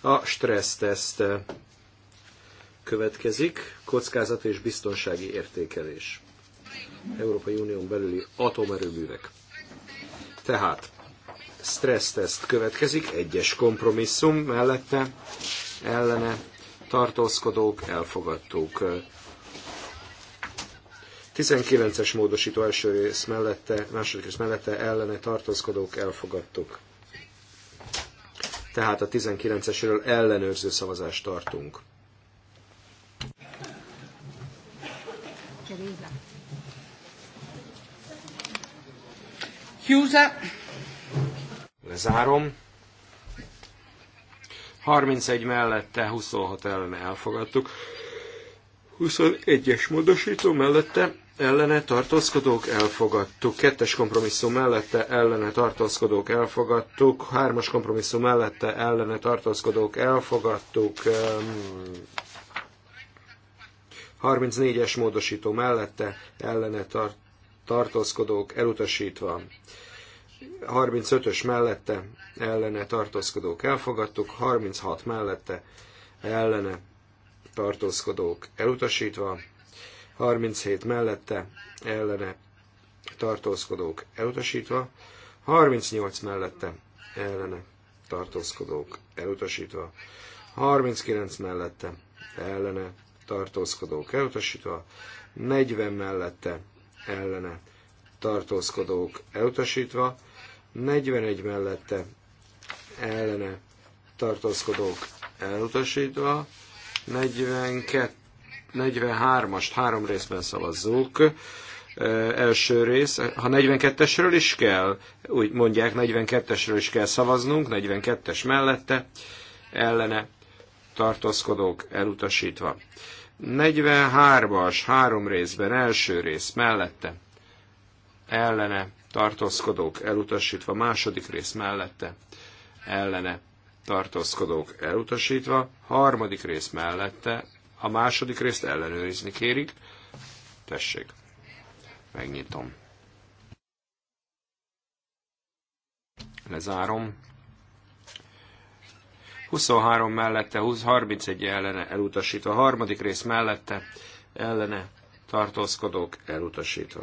A stresszteszt Következik kockázat és biztonsági értékelés. Európai Unión belüli atomerőművek. Tehát stresszteszt következik, egyes kompromisszum mellette, ellene, tartózkodók, elfogadtók. 19-es módosító első rész mellette, második rész mellette ellene tartózkodók elfogadtuk. Tehát a 19-esről ellenőrző szavazást tartunk. Elisa. Chiusa. Lezárom. 31 mellette, 26 ellene elfogadtuk. 21-es módosító mellette ellene tartózkodók elfogadtuk, kettes kompromisszum mellette ellene tartózkodók elfogadtuk, hármas kompromisszum mellette ellene tartózkodók elfogadtuk, 34-es módosító mellette ellene tar- tartózkodók elutasítva. 35-ös mellette ellene tartózkodók elfogadtuk, 36 mellette ellene tartózkodók elutasítva, 37 mellette ellene tartózkodók elutasítva, 38 mellette ellene tartózkodók elutasítva, 39 mellette ellene tartózkodók elutasítva, 40 mellette ellene tartózkodók elutasítva, 41 mellette ellene tartózkodók elutasítva, 42, 43-ast három részben szavazzuk, első rész, ha 42-esről is kell, úgy mondják, 42-esről is kell szavaznunk, 42-es mellette, ellene tartózkodók elutasítva. 43-as, három részben, első rész, mellette, ellene, tartózkodók elutasítva, második rész mellette, ellene, tartózkodók elutasítva, harmadik rész mellette, a második részt ellenőrizni kérik. Tessék, megnyitom. Lezárom. 23 mellette, 20, 31 ellene elutasítva. A harmadik rész mellette ellene tartózkodók elutasítva.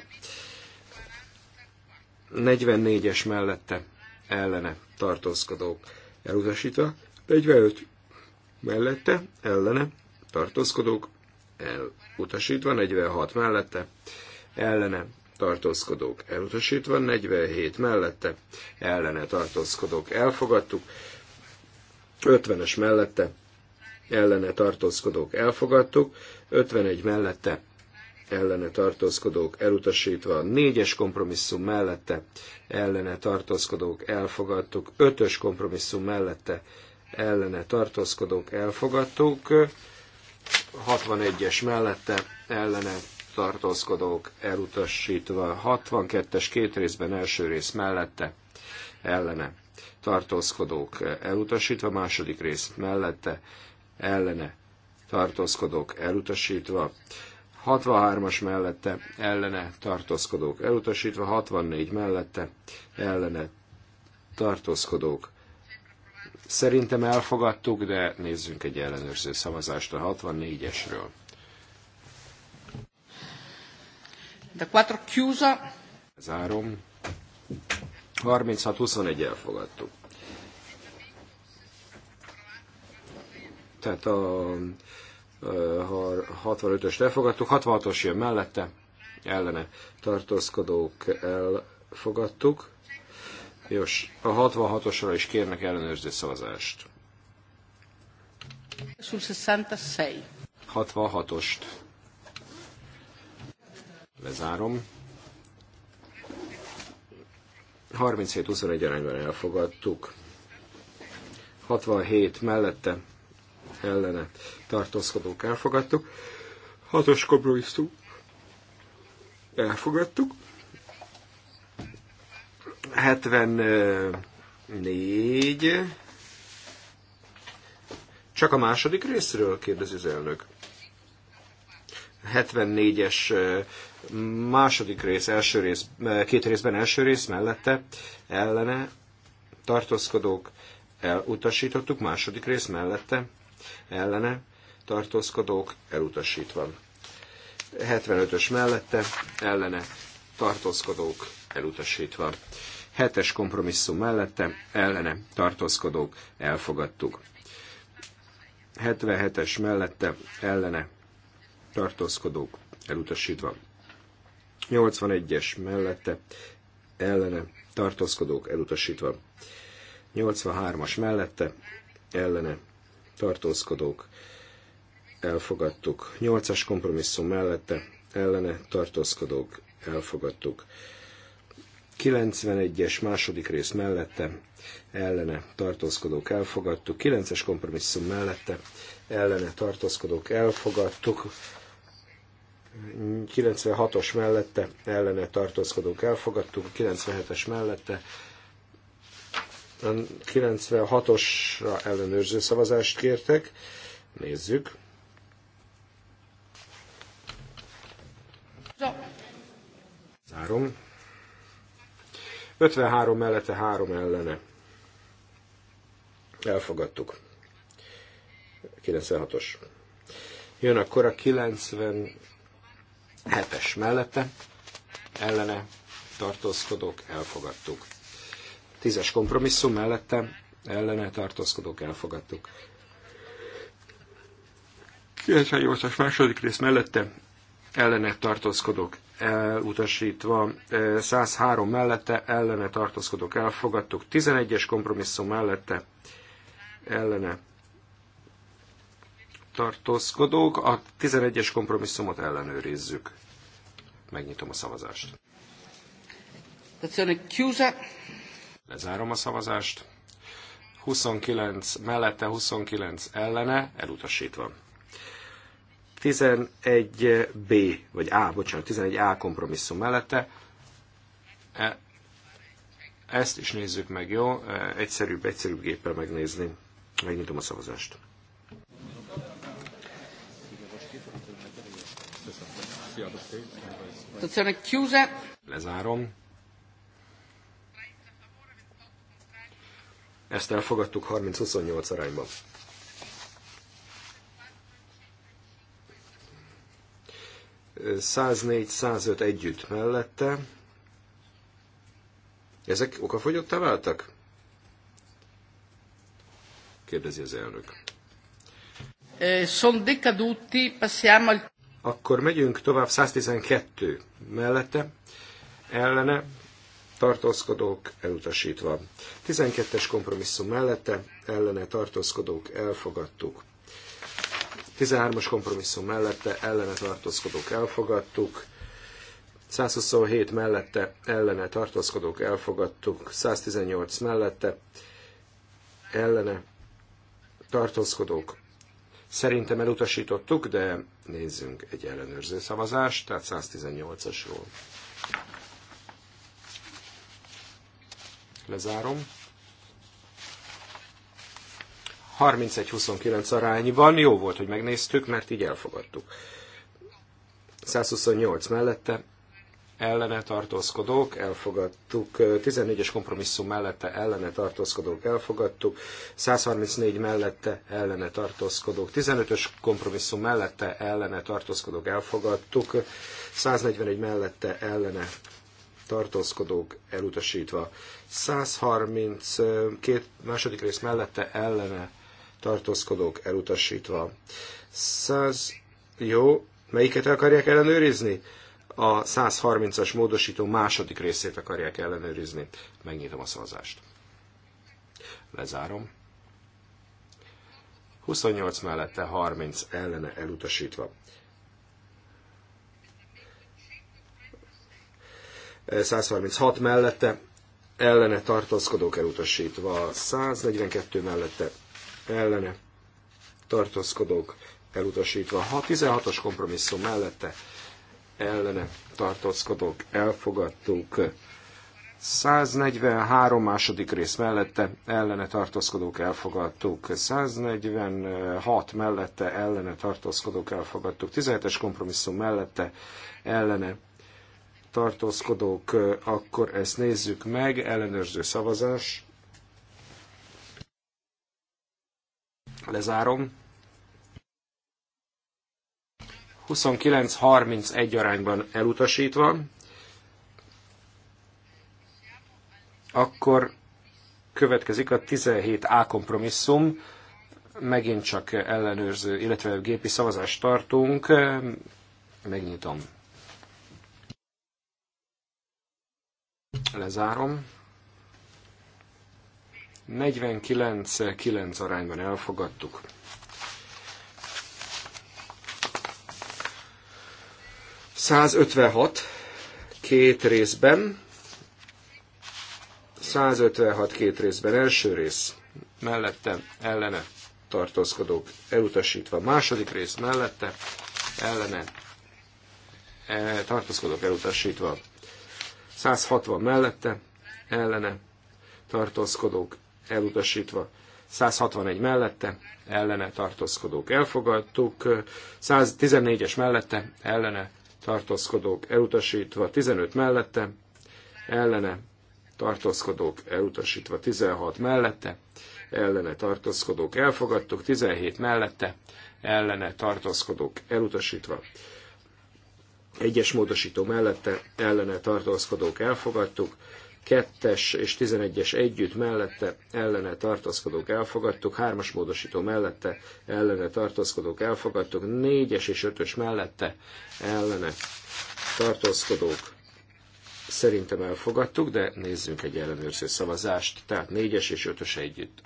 44-es mellette ellene tartózkodók elutasítva. 45 mellette ellene tartózkodók elutasítva. 46 mellette ellene tartózkodók elutasítva, 47 mellette ellene tartózkodók elfogadtuk, 50-es mellette ellene tartózkodók elfogadtuk, 51 mellette ellene tartózkodók elutasítva, 4-es kompromisszum mellette ellene tartózkodók elfogadtuk, 5-ös kompromisszum mellette ellene tartózkodók elfogadtuk, 61-es mellette ellene tartózkodók elutasítva, 62-es két részben első rész mellette ellene tartózkodók elutasítva, második rész mellette, ellene, tartózkodók elutasítva, 63-as mellette, ellene, tartózkodók elutasítva, 64 mellette, ellene, tartózkodók. Szerintem elfogadtuk, de nézzünk egy ellenőrző szavazást a 64-esről. De quattro chiusa. Zárom. 36-21 elfogadtuk. Tehát a, a 65-öst elfogadtuk, 66-os jön mellette, ellene tartózkodók elfogadtuk. Jós, a 66-osra is kérnek ellenőrző szavazást. 66-ost. Lezárom. 37-21 arányban elfogadtuk. 67 mellette ellene tartózkodók elfogadtuk. 6-os kompromisszum elfogadtuk. 74 csak a második részről kérdezi az elnök. 74-es Második rész, első rész, eh, két részben első rész mellette ellene tartózkodók elutasítottuk, második rész mellette ellene tartózkodók elutasítva. 75-ös mellette ellene tartózkodók elutasítva. 7-es kompromisszum mellette ellene tartózkodók elfogadtuk. 77-es mellette ellene tartózkodók elutasítva. 81-es mellette ellene tartózkodók elutasítva. 83-as mellette ellene tartózkodók elfogadtuk. 8-as kompromisszum mellette ellene tartózkodók elfogadtuk. 91-es második rész mellette ellene tartózkodók elfogadtuk, 9-es kompromisszum mellette ellene tartózkodók elfogadtuk, 96-os mellette ellene tartózkodók elfogadtuk, a 97-es mellette a 96-osra ellenőrző szavazást kértek. Nézzük. Zárom. 53 mellette 3 ellene. Elfogadtuk. 96-os. Jön akkor a 90 Hetes mellette, ellene tartózkodók elfogadtuk. Tízes kompromisszum mellette, ellene tartózkodók elfogadtuk. 98-as második rész mellette ellene tartózkodók elutasítva, 103 mellette ellene tartózkodók elfogadtuk, 11-es kompromisszum mellette ellene tartózkodók. A 11-es kompromisszumot ellenőrizzük. Megnyitom a szavazást. Lezárom a szavazást. 29 mellette, 29 ellene, elutasítva. 11B, vagy A, bocsánat, 11A kompromisszum mellette. E, ezt is nézzük meg, jó? E, egyszerűbb, egyszerűbb géppel megnézni. Megnyitom a szavazást. chiusa. Lezárom. Ezt elfogadtuk 30-28 arányban. ...104-105 együtt mellette. Ezek okafogyottá váltak? Kérdezi az elnök. Eh, son decaduti, passiamo al... Akkor megyünk tovább 112 mellette, ellene, tartózkodók elutasítva. 12-es kompromisszum mellette, ellene tartózkodók elfogadtuk. 13-as kompromisszum mellette, ellene tartózkodók elfogadtuk. 127 mellette, ellene tartózkodók elfogadtuk. 118 mellette, ellene tartózkodók Szerintem elutasítottuk, de nézzünk egy ellenőrző szavazást, tehát 118-asról. Lezárom. 31-29 arányban jó volt, hogy megnéztük, mert így elfogadtuk. 128 mellette ellene tartózkodók, elfogadtuk. 14-es kompromisszum mellette ellene tartózkodók, elfogadtuk. 134 mellette ellene tartózkodók, 15-ös kompromisszum mellette ellene tartózkodók, elfogadtuk. 141 mellette ellene tartózkodók elutasítva. 132 második rész mellette ellene tartózkodók elutasítva. 100, jó, melyiket akarják ellenőrizni? a 130-as módosító második részét akarják ellenőrizni. Megnyitom a szavazást. Lezárom. 28 mellette 30 ellene elutasítva. 136 mellette ellene tartózkodók elutasítva, 142 mellette ellene tartózkodók elutasítva, 16-os kompromisszum mellette ellene tartózkodók elfogadtuk. 143 második rész mellette ellene tartózkodók elfogadtuk, 146 mellette ellene tartózkodók elfogadtuk, 17-es kompromisszum mellette ellene tartózkodók, akkor ezt nézzük meg, ellenőrző szavazás. Lezárom. 29-31 arányban elutasítva, akkor következik a 17A kompromisszum, megint csak ellenőrző, illetve gépi szavazást tartunk, megnyitom. Lezárom. 49-9 arányban elfogadtuk. 156 két részben. 156 két részben. Első rész mellette ellene tartózkodók elutasítva. Második rész mellette ellene e, tartózkodók elutasítva. 160 mellette ellene tartózkodók elutasítva. 161 mellette, ellene tartózkodók elfogadtuk, 114-es mellette, ellene tartózkodók elutasítva, 15 mellette, ellene tartózkodók elutasítva, 16 mellette, ellene tartózkodók elfogadtuk, 17 mellette, ellene tartózkodók elutasítva. Egyes módosító mellette ellene tartózkodók elfogadtuk, kettes és 11-es együtt mellette ellene tartózkodók elfogadtuk, hármas módosító mellette ellene tartózkodók elfogadtuk, négyes és ötös mellette ellene tartózkodók szerintem elfogadtuk, de nézzünk egy ellenőrző szavazást, tehát négyes és ötös együtt.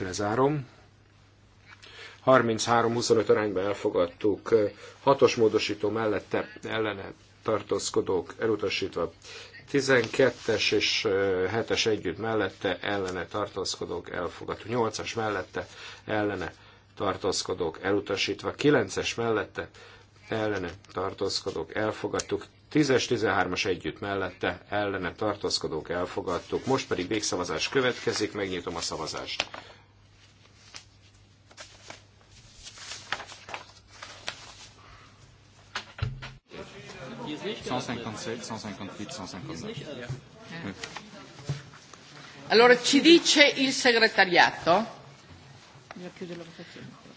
Lezárom. 33-25 arányban elfogadtuk. Hatos módosító mellette ellene tartózkodók elutasítva. 12-es és 7-es együtt mellette ellene tartózkodók elfogadtuk. 8-as mellette ellene tartózkodók elutasítva. 9-es mellette ellene tartózkodók elfogadtuk. 10-es, 13-as együtt mellette ellene tartózkodók elfogadtuk. Most pedig végszavazás következik, megnyitom a szavazást. 157, 158, 159. Allora ci dice il segretariato.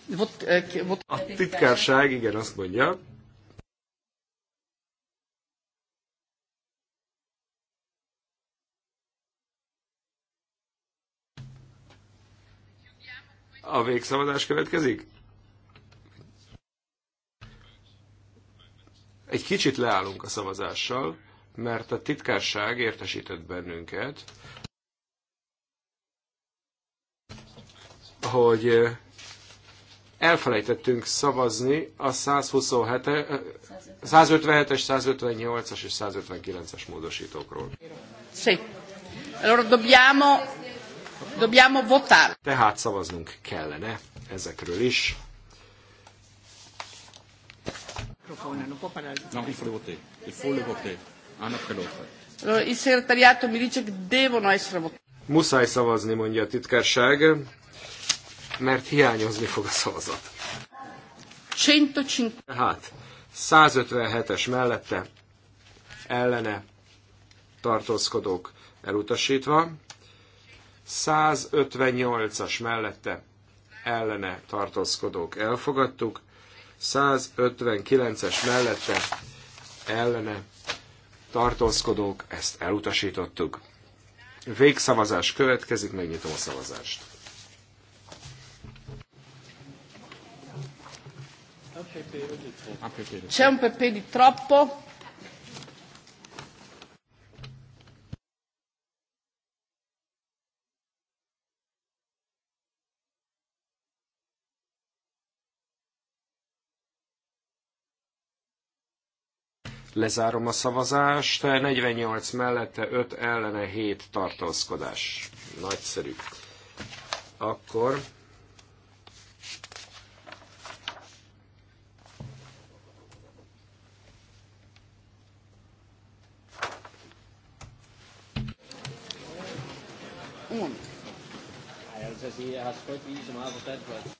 Eh, a titkárság, igen, azt mondja, a végszavazás következik? Egy kicsit leállunk a szavazással, mert a titkárság értesített bennünket, hogy eh, elfelejtettünk szavazni a 127 157-es, 158-as és 159-es módosítókról. Sí. Allora dobbiamo, dobbiamo votare. Tehát szavaznunk kellene ezekről is microfono, non può parlare. No, il faut le voter, il faut le voter, un après ah, l'autre. Allora, il segretariato mi dice che devono essere votati. Muszáj szavazni, mondja a titkárság, mert hiányozni fog a szavazat. 150. Hát 157-es mellette ellene tartózkodók elutasítva, 158-as mellette ellene tartózkodók elfogadtuk, 159-es mellette ellene tartózkodók, ezt elutasítottuk. Végszavazás következik, megnyitom a szavazást. C'è un pepe di troppo. Lezárom a szavazást. 48 mellette, 5 ellene, 7 tartózkodás. Nagyszerű. Akkor ist Also Sie, Herr Scott, wie ich mal verstanden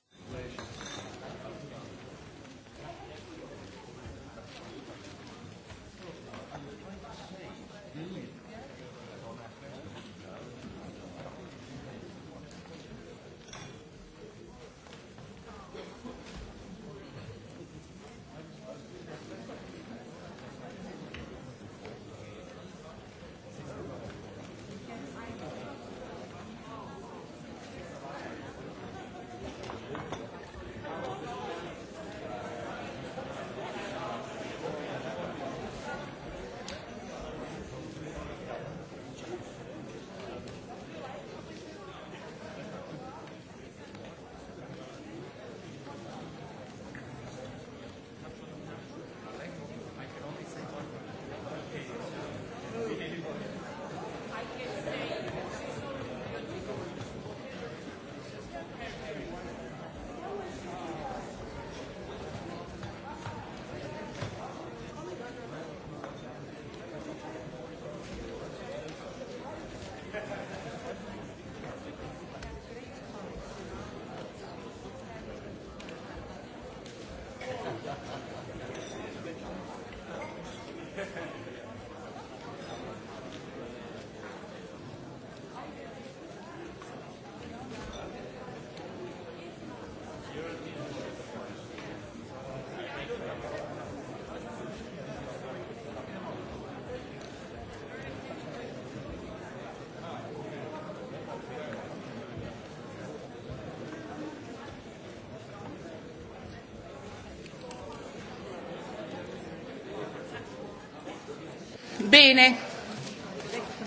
Bene,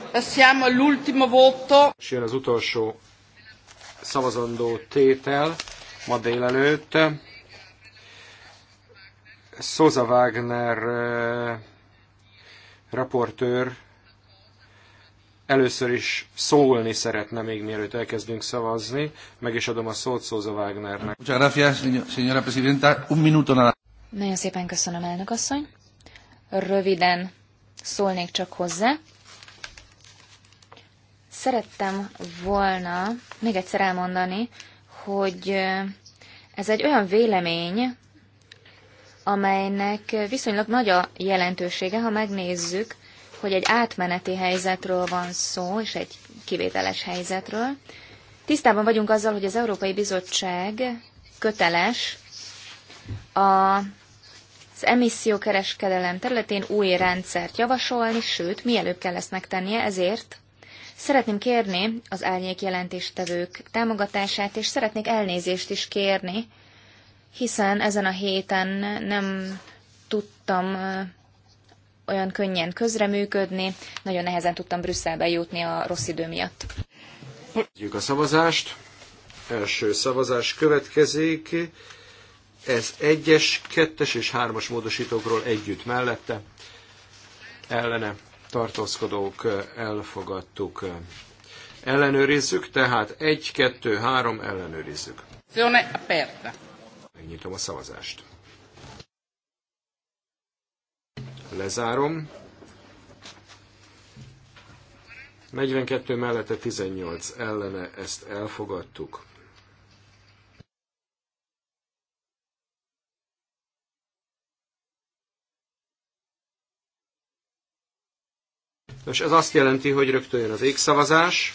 passiamo all'ultimo voto. Sì, jön az utolsó szavazandó tétel ma délelőtt. Szóza Wagner raportőr először is szólni szeretne még mielőtt elkezdünk szavazni. Meg is adom a szót Szóza Wagnernek. Nagyon szépen köszönöm, elnök asszony. Röviden szólnék csak hozzá. Szerettem volna még egyszer elmondani, hogy ez egy olyan vélemény, amelynek viszonylag nagy a jelentősége, ha megnézzük, hogy egy átmeneti helyzetről van szó, és egy kivételes helyzetről. Tisztában vagyunk azzal, hogy az Európai Bizottság köteles a emissziókereskedelem területén új rendszert javasolni, sőt, mielőbb kell ezt megtennie, ezért szeretném kérni az árnyék jelentéstevők támogatását, és szeretnék elnézést is kérni, hiszen ezen a héten nem tudtam olyan könnyen közreműködni, nagyon nehezen tudtam Brüsszelbe jutni a rossz idő miatt. Kezdjük a szavazást. Első szavazás következik. Ez egyes, kettes és hármas módosítókról együtt mellette ellene tartózkodók elfogadtuk. Ellenőrizzük, tehát egy, kettő, három ellenőrizzük. Zione aperta. Megnyitom a szavazást. Lezárom. 42 mellette 18 ellene ezt elfogadtuk. Nos, ez azt jelenti, hogy rögtön jön az égszavazás.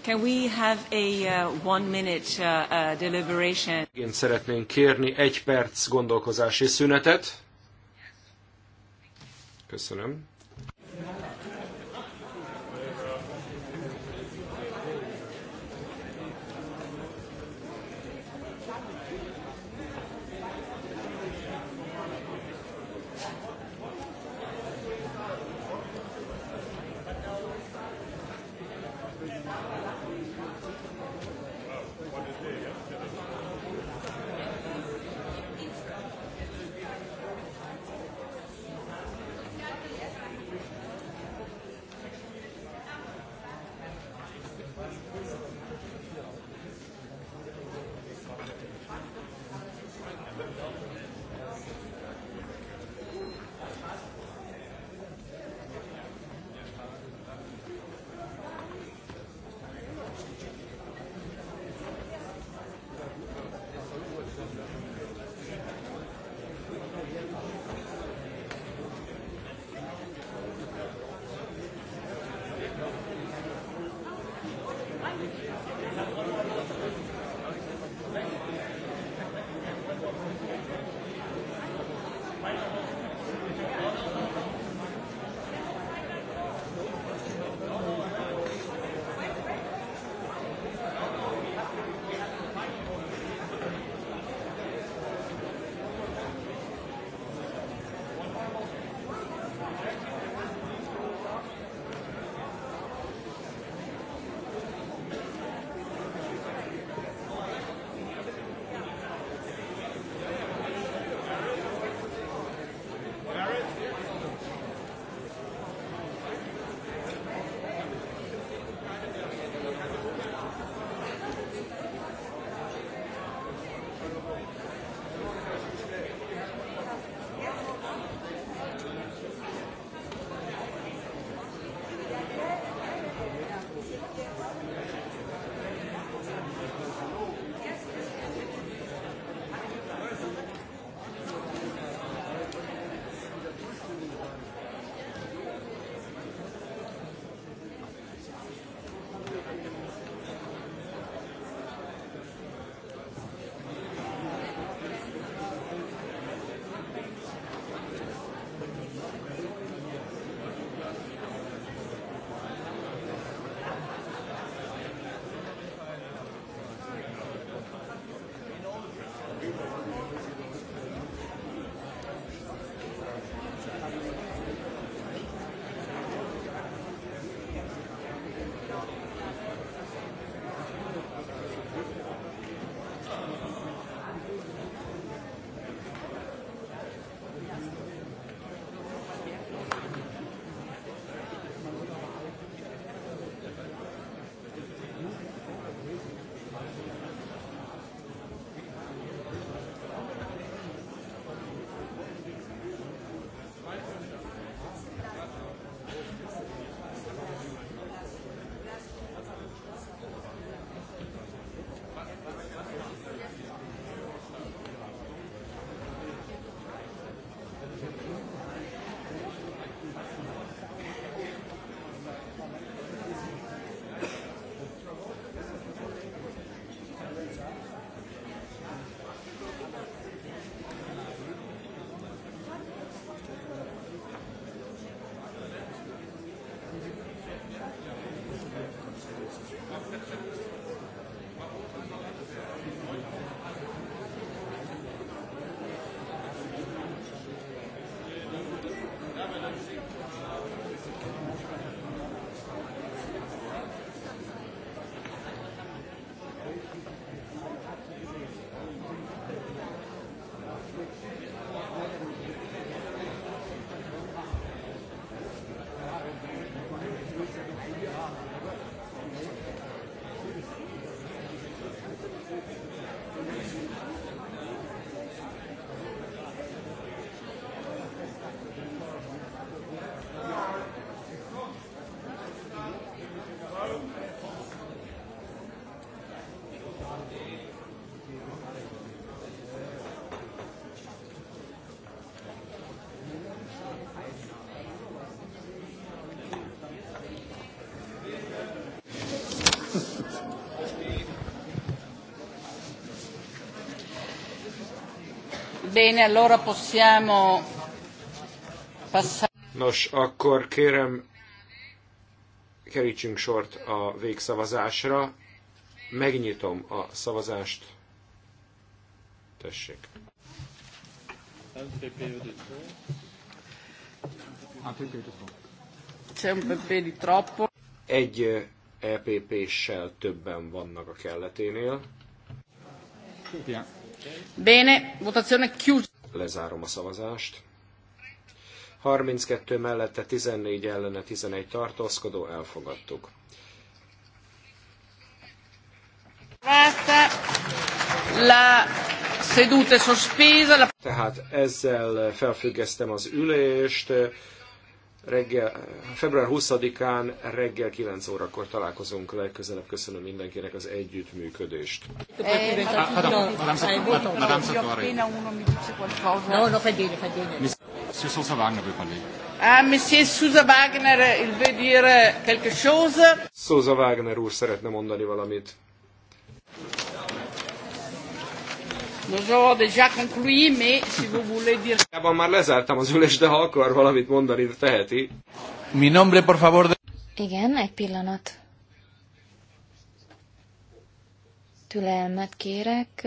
Can we have a uh, one minute uh, uh, deliberation? Én szeretnénk kérni egy perc gondolkozási szünetet. Köszönöm. Bene, allora possiamo passare. Nos, akkor kérem, kerítsünk sort a végszavazásra. Megnyitom a szavazást. Tessék. Egy EPP-ssel eh, e többen vannak a kelleténél. Yeah. Bene, votazione chiusa. Lezárom a szavazást. 32 mellette, 14 ellene, 11 tartózkodó, elfogadtuk. La seduta sospesa. Tehát ezzel felfüggesztem az ülést reggel, február 20-án reggel 9 órakor találkozunk legközelebb. Köszönöm mindenkinek az együttműködést. Eh, Sousa Wagner úr szeretne mondani valamit. déjà conclui, mais si vous voulez dire...Ában már lezártam az ülést, de ha akar valamit mondani, teheti. Mi nombre, por favor. De... Igen, egy pillanat. Tülelmet kérek.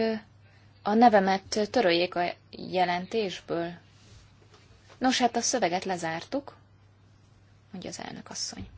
A nevemet töröljék a jelentésből. Nos, hát a szöveget lezártuk, mondja az elnök asszony.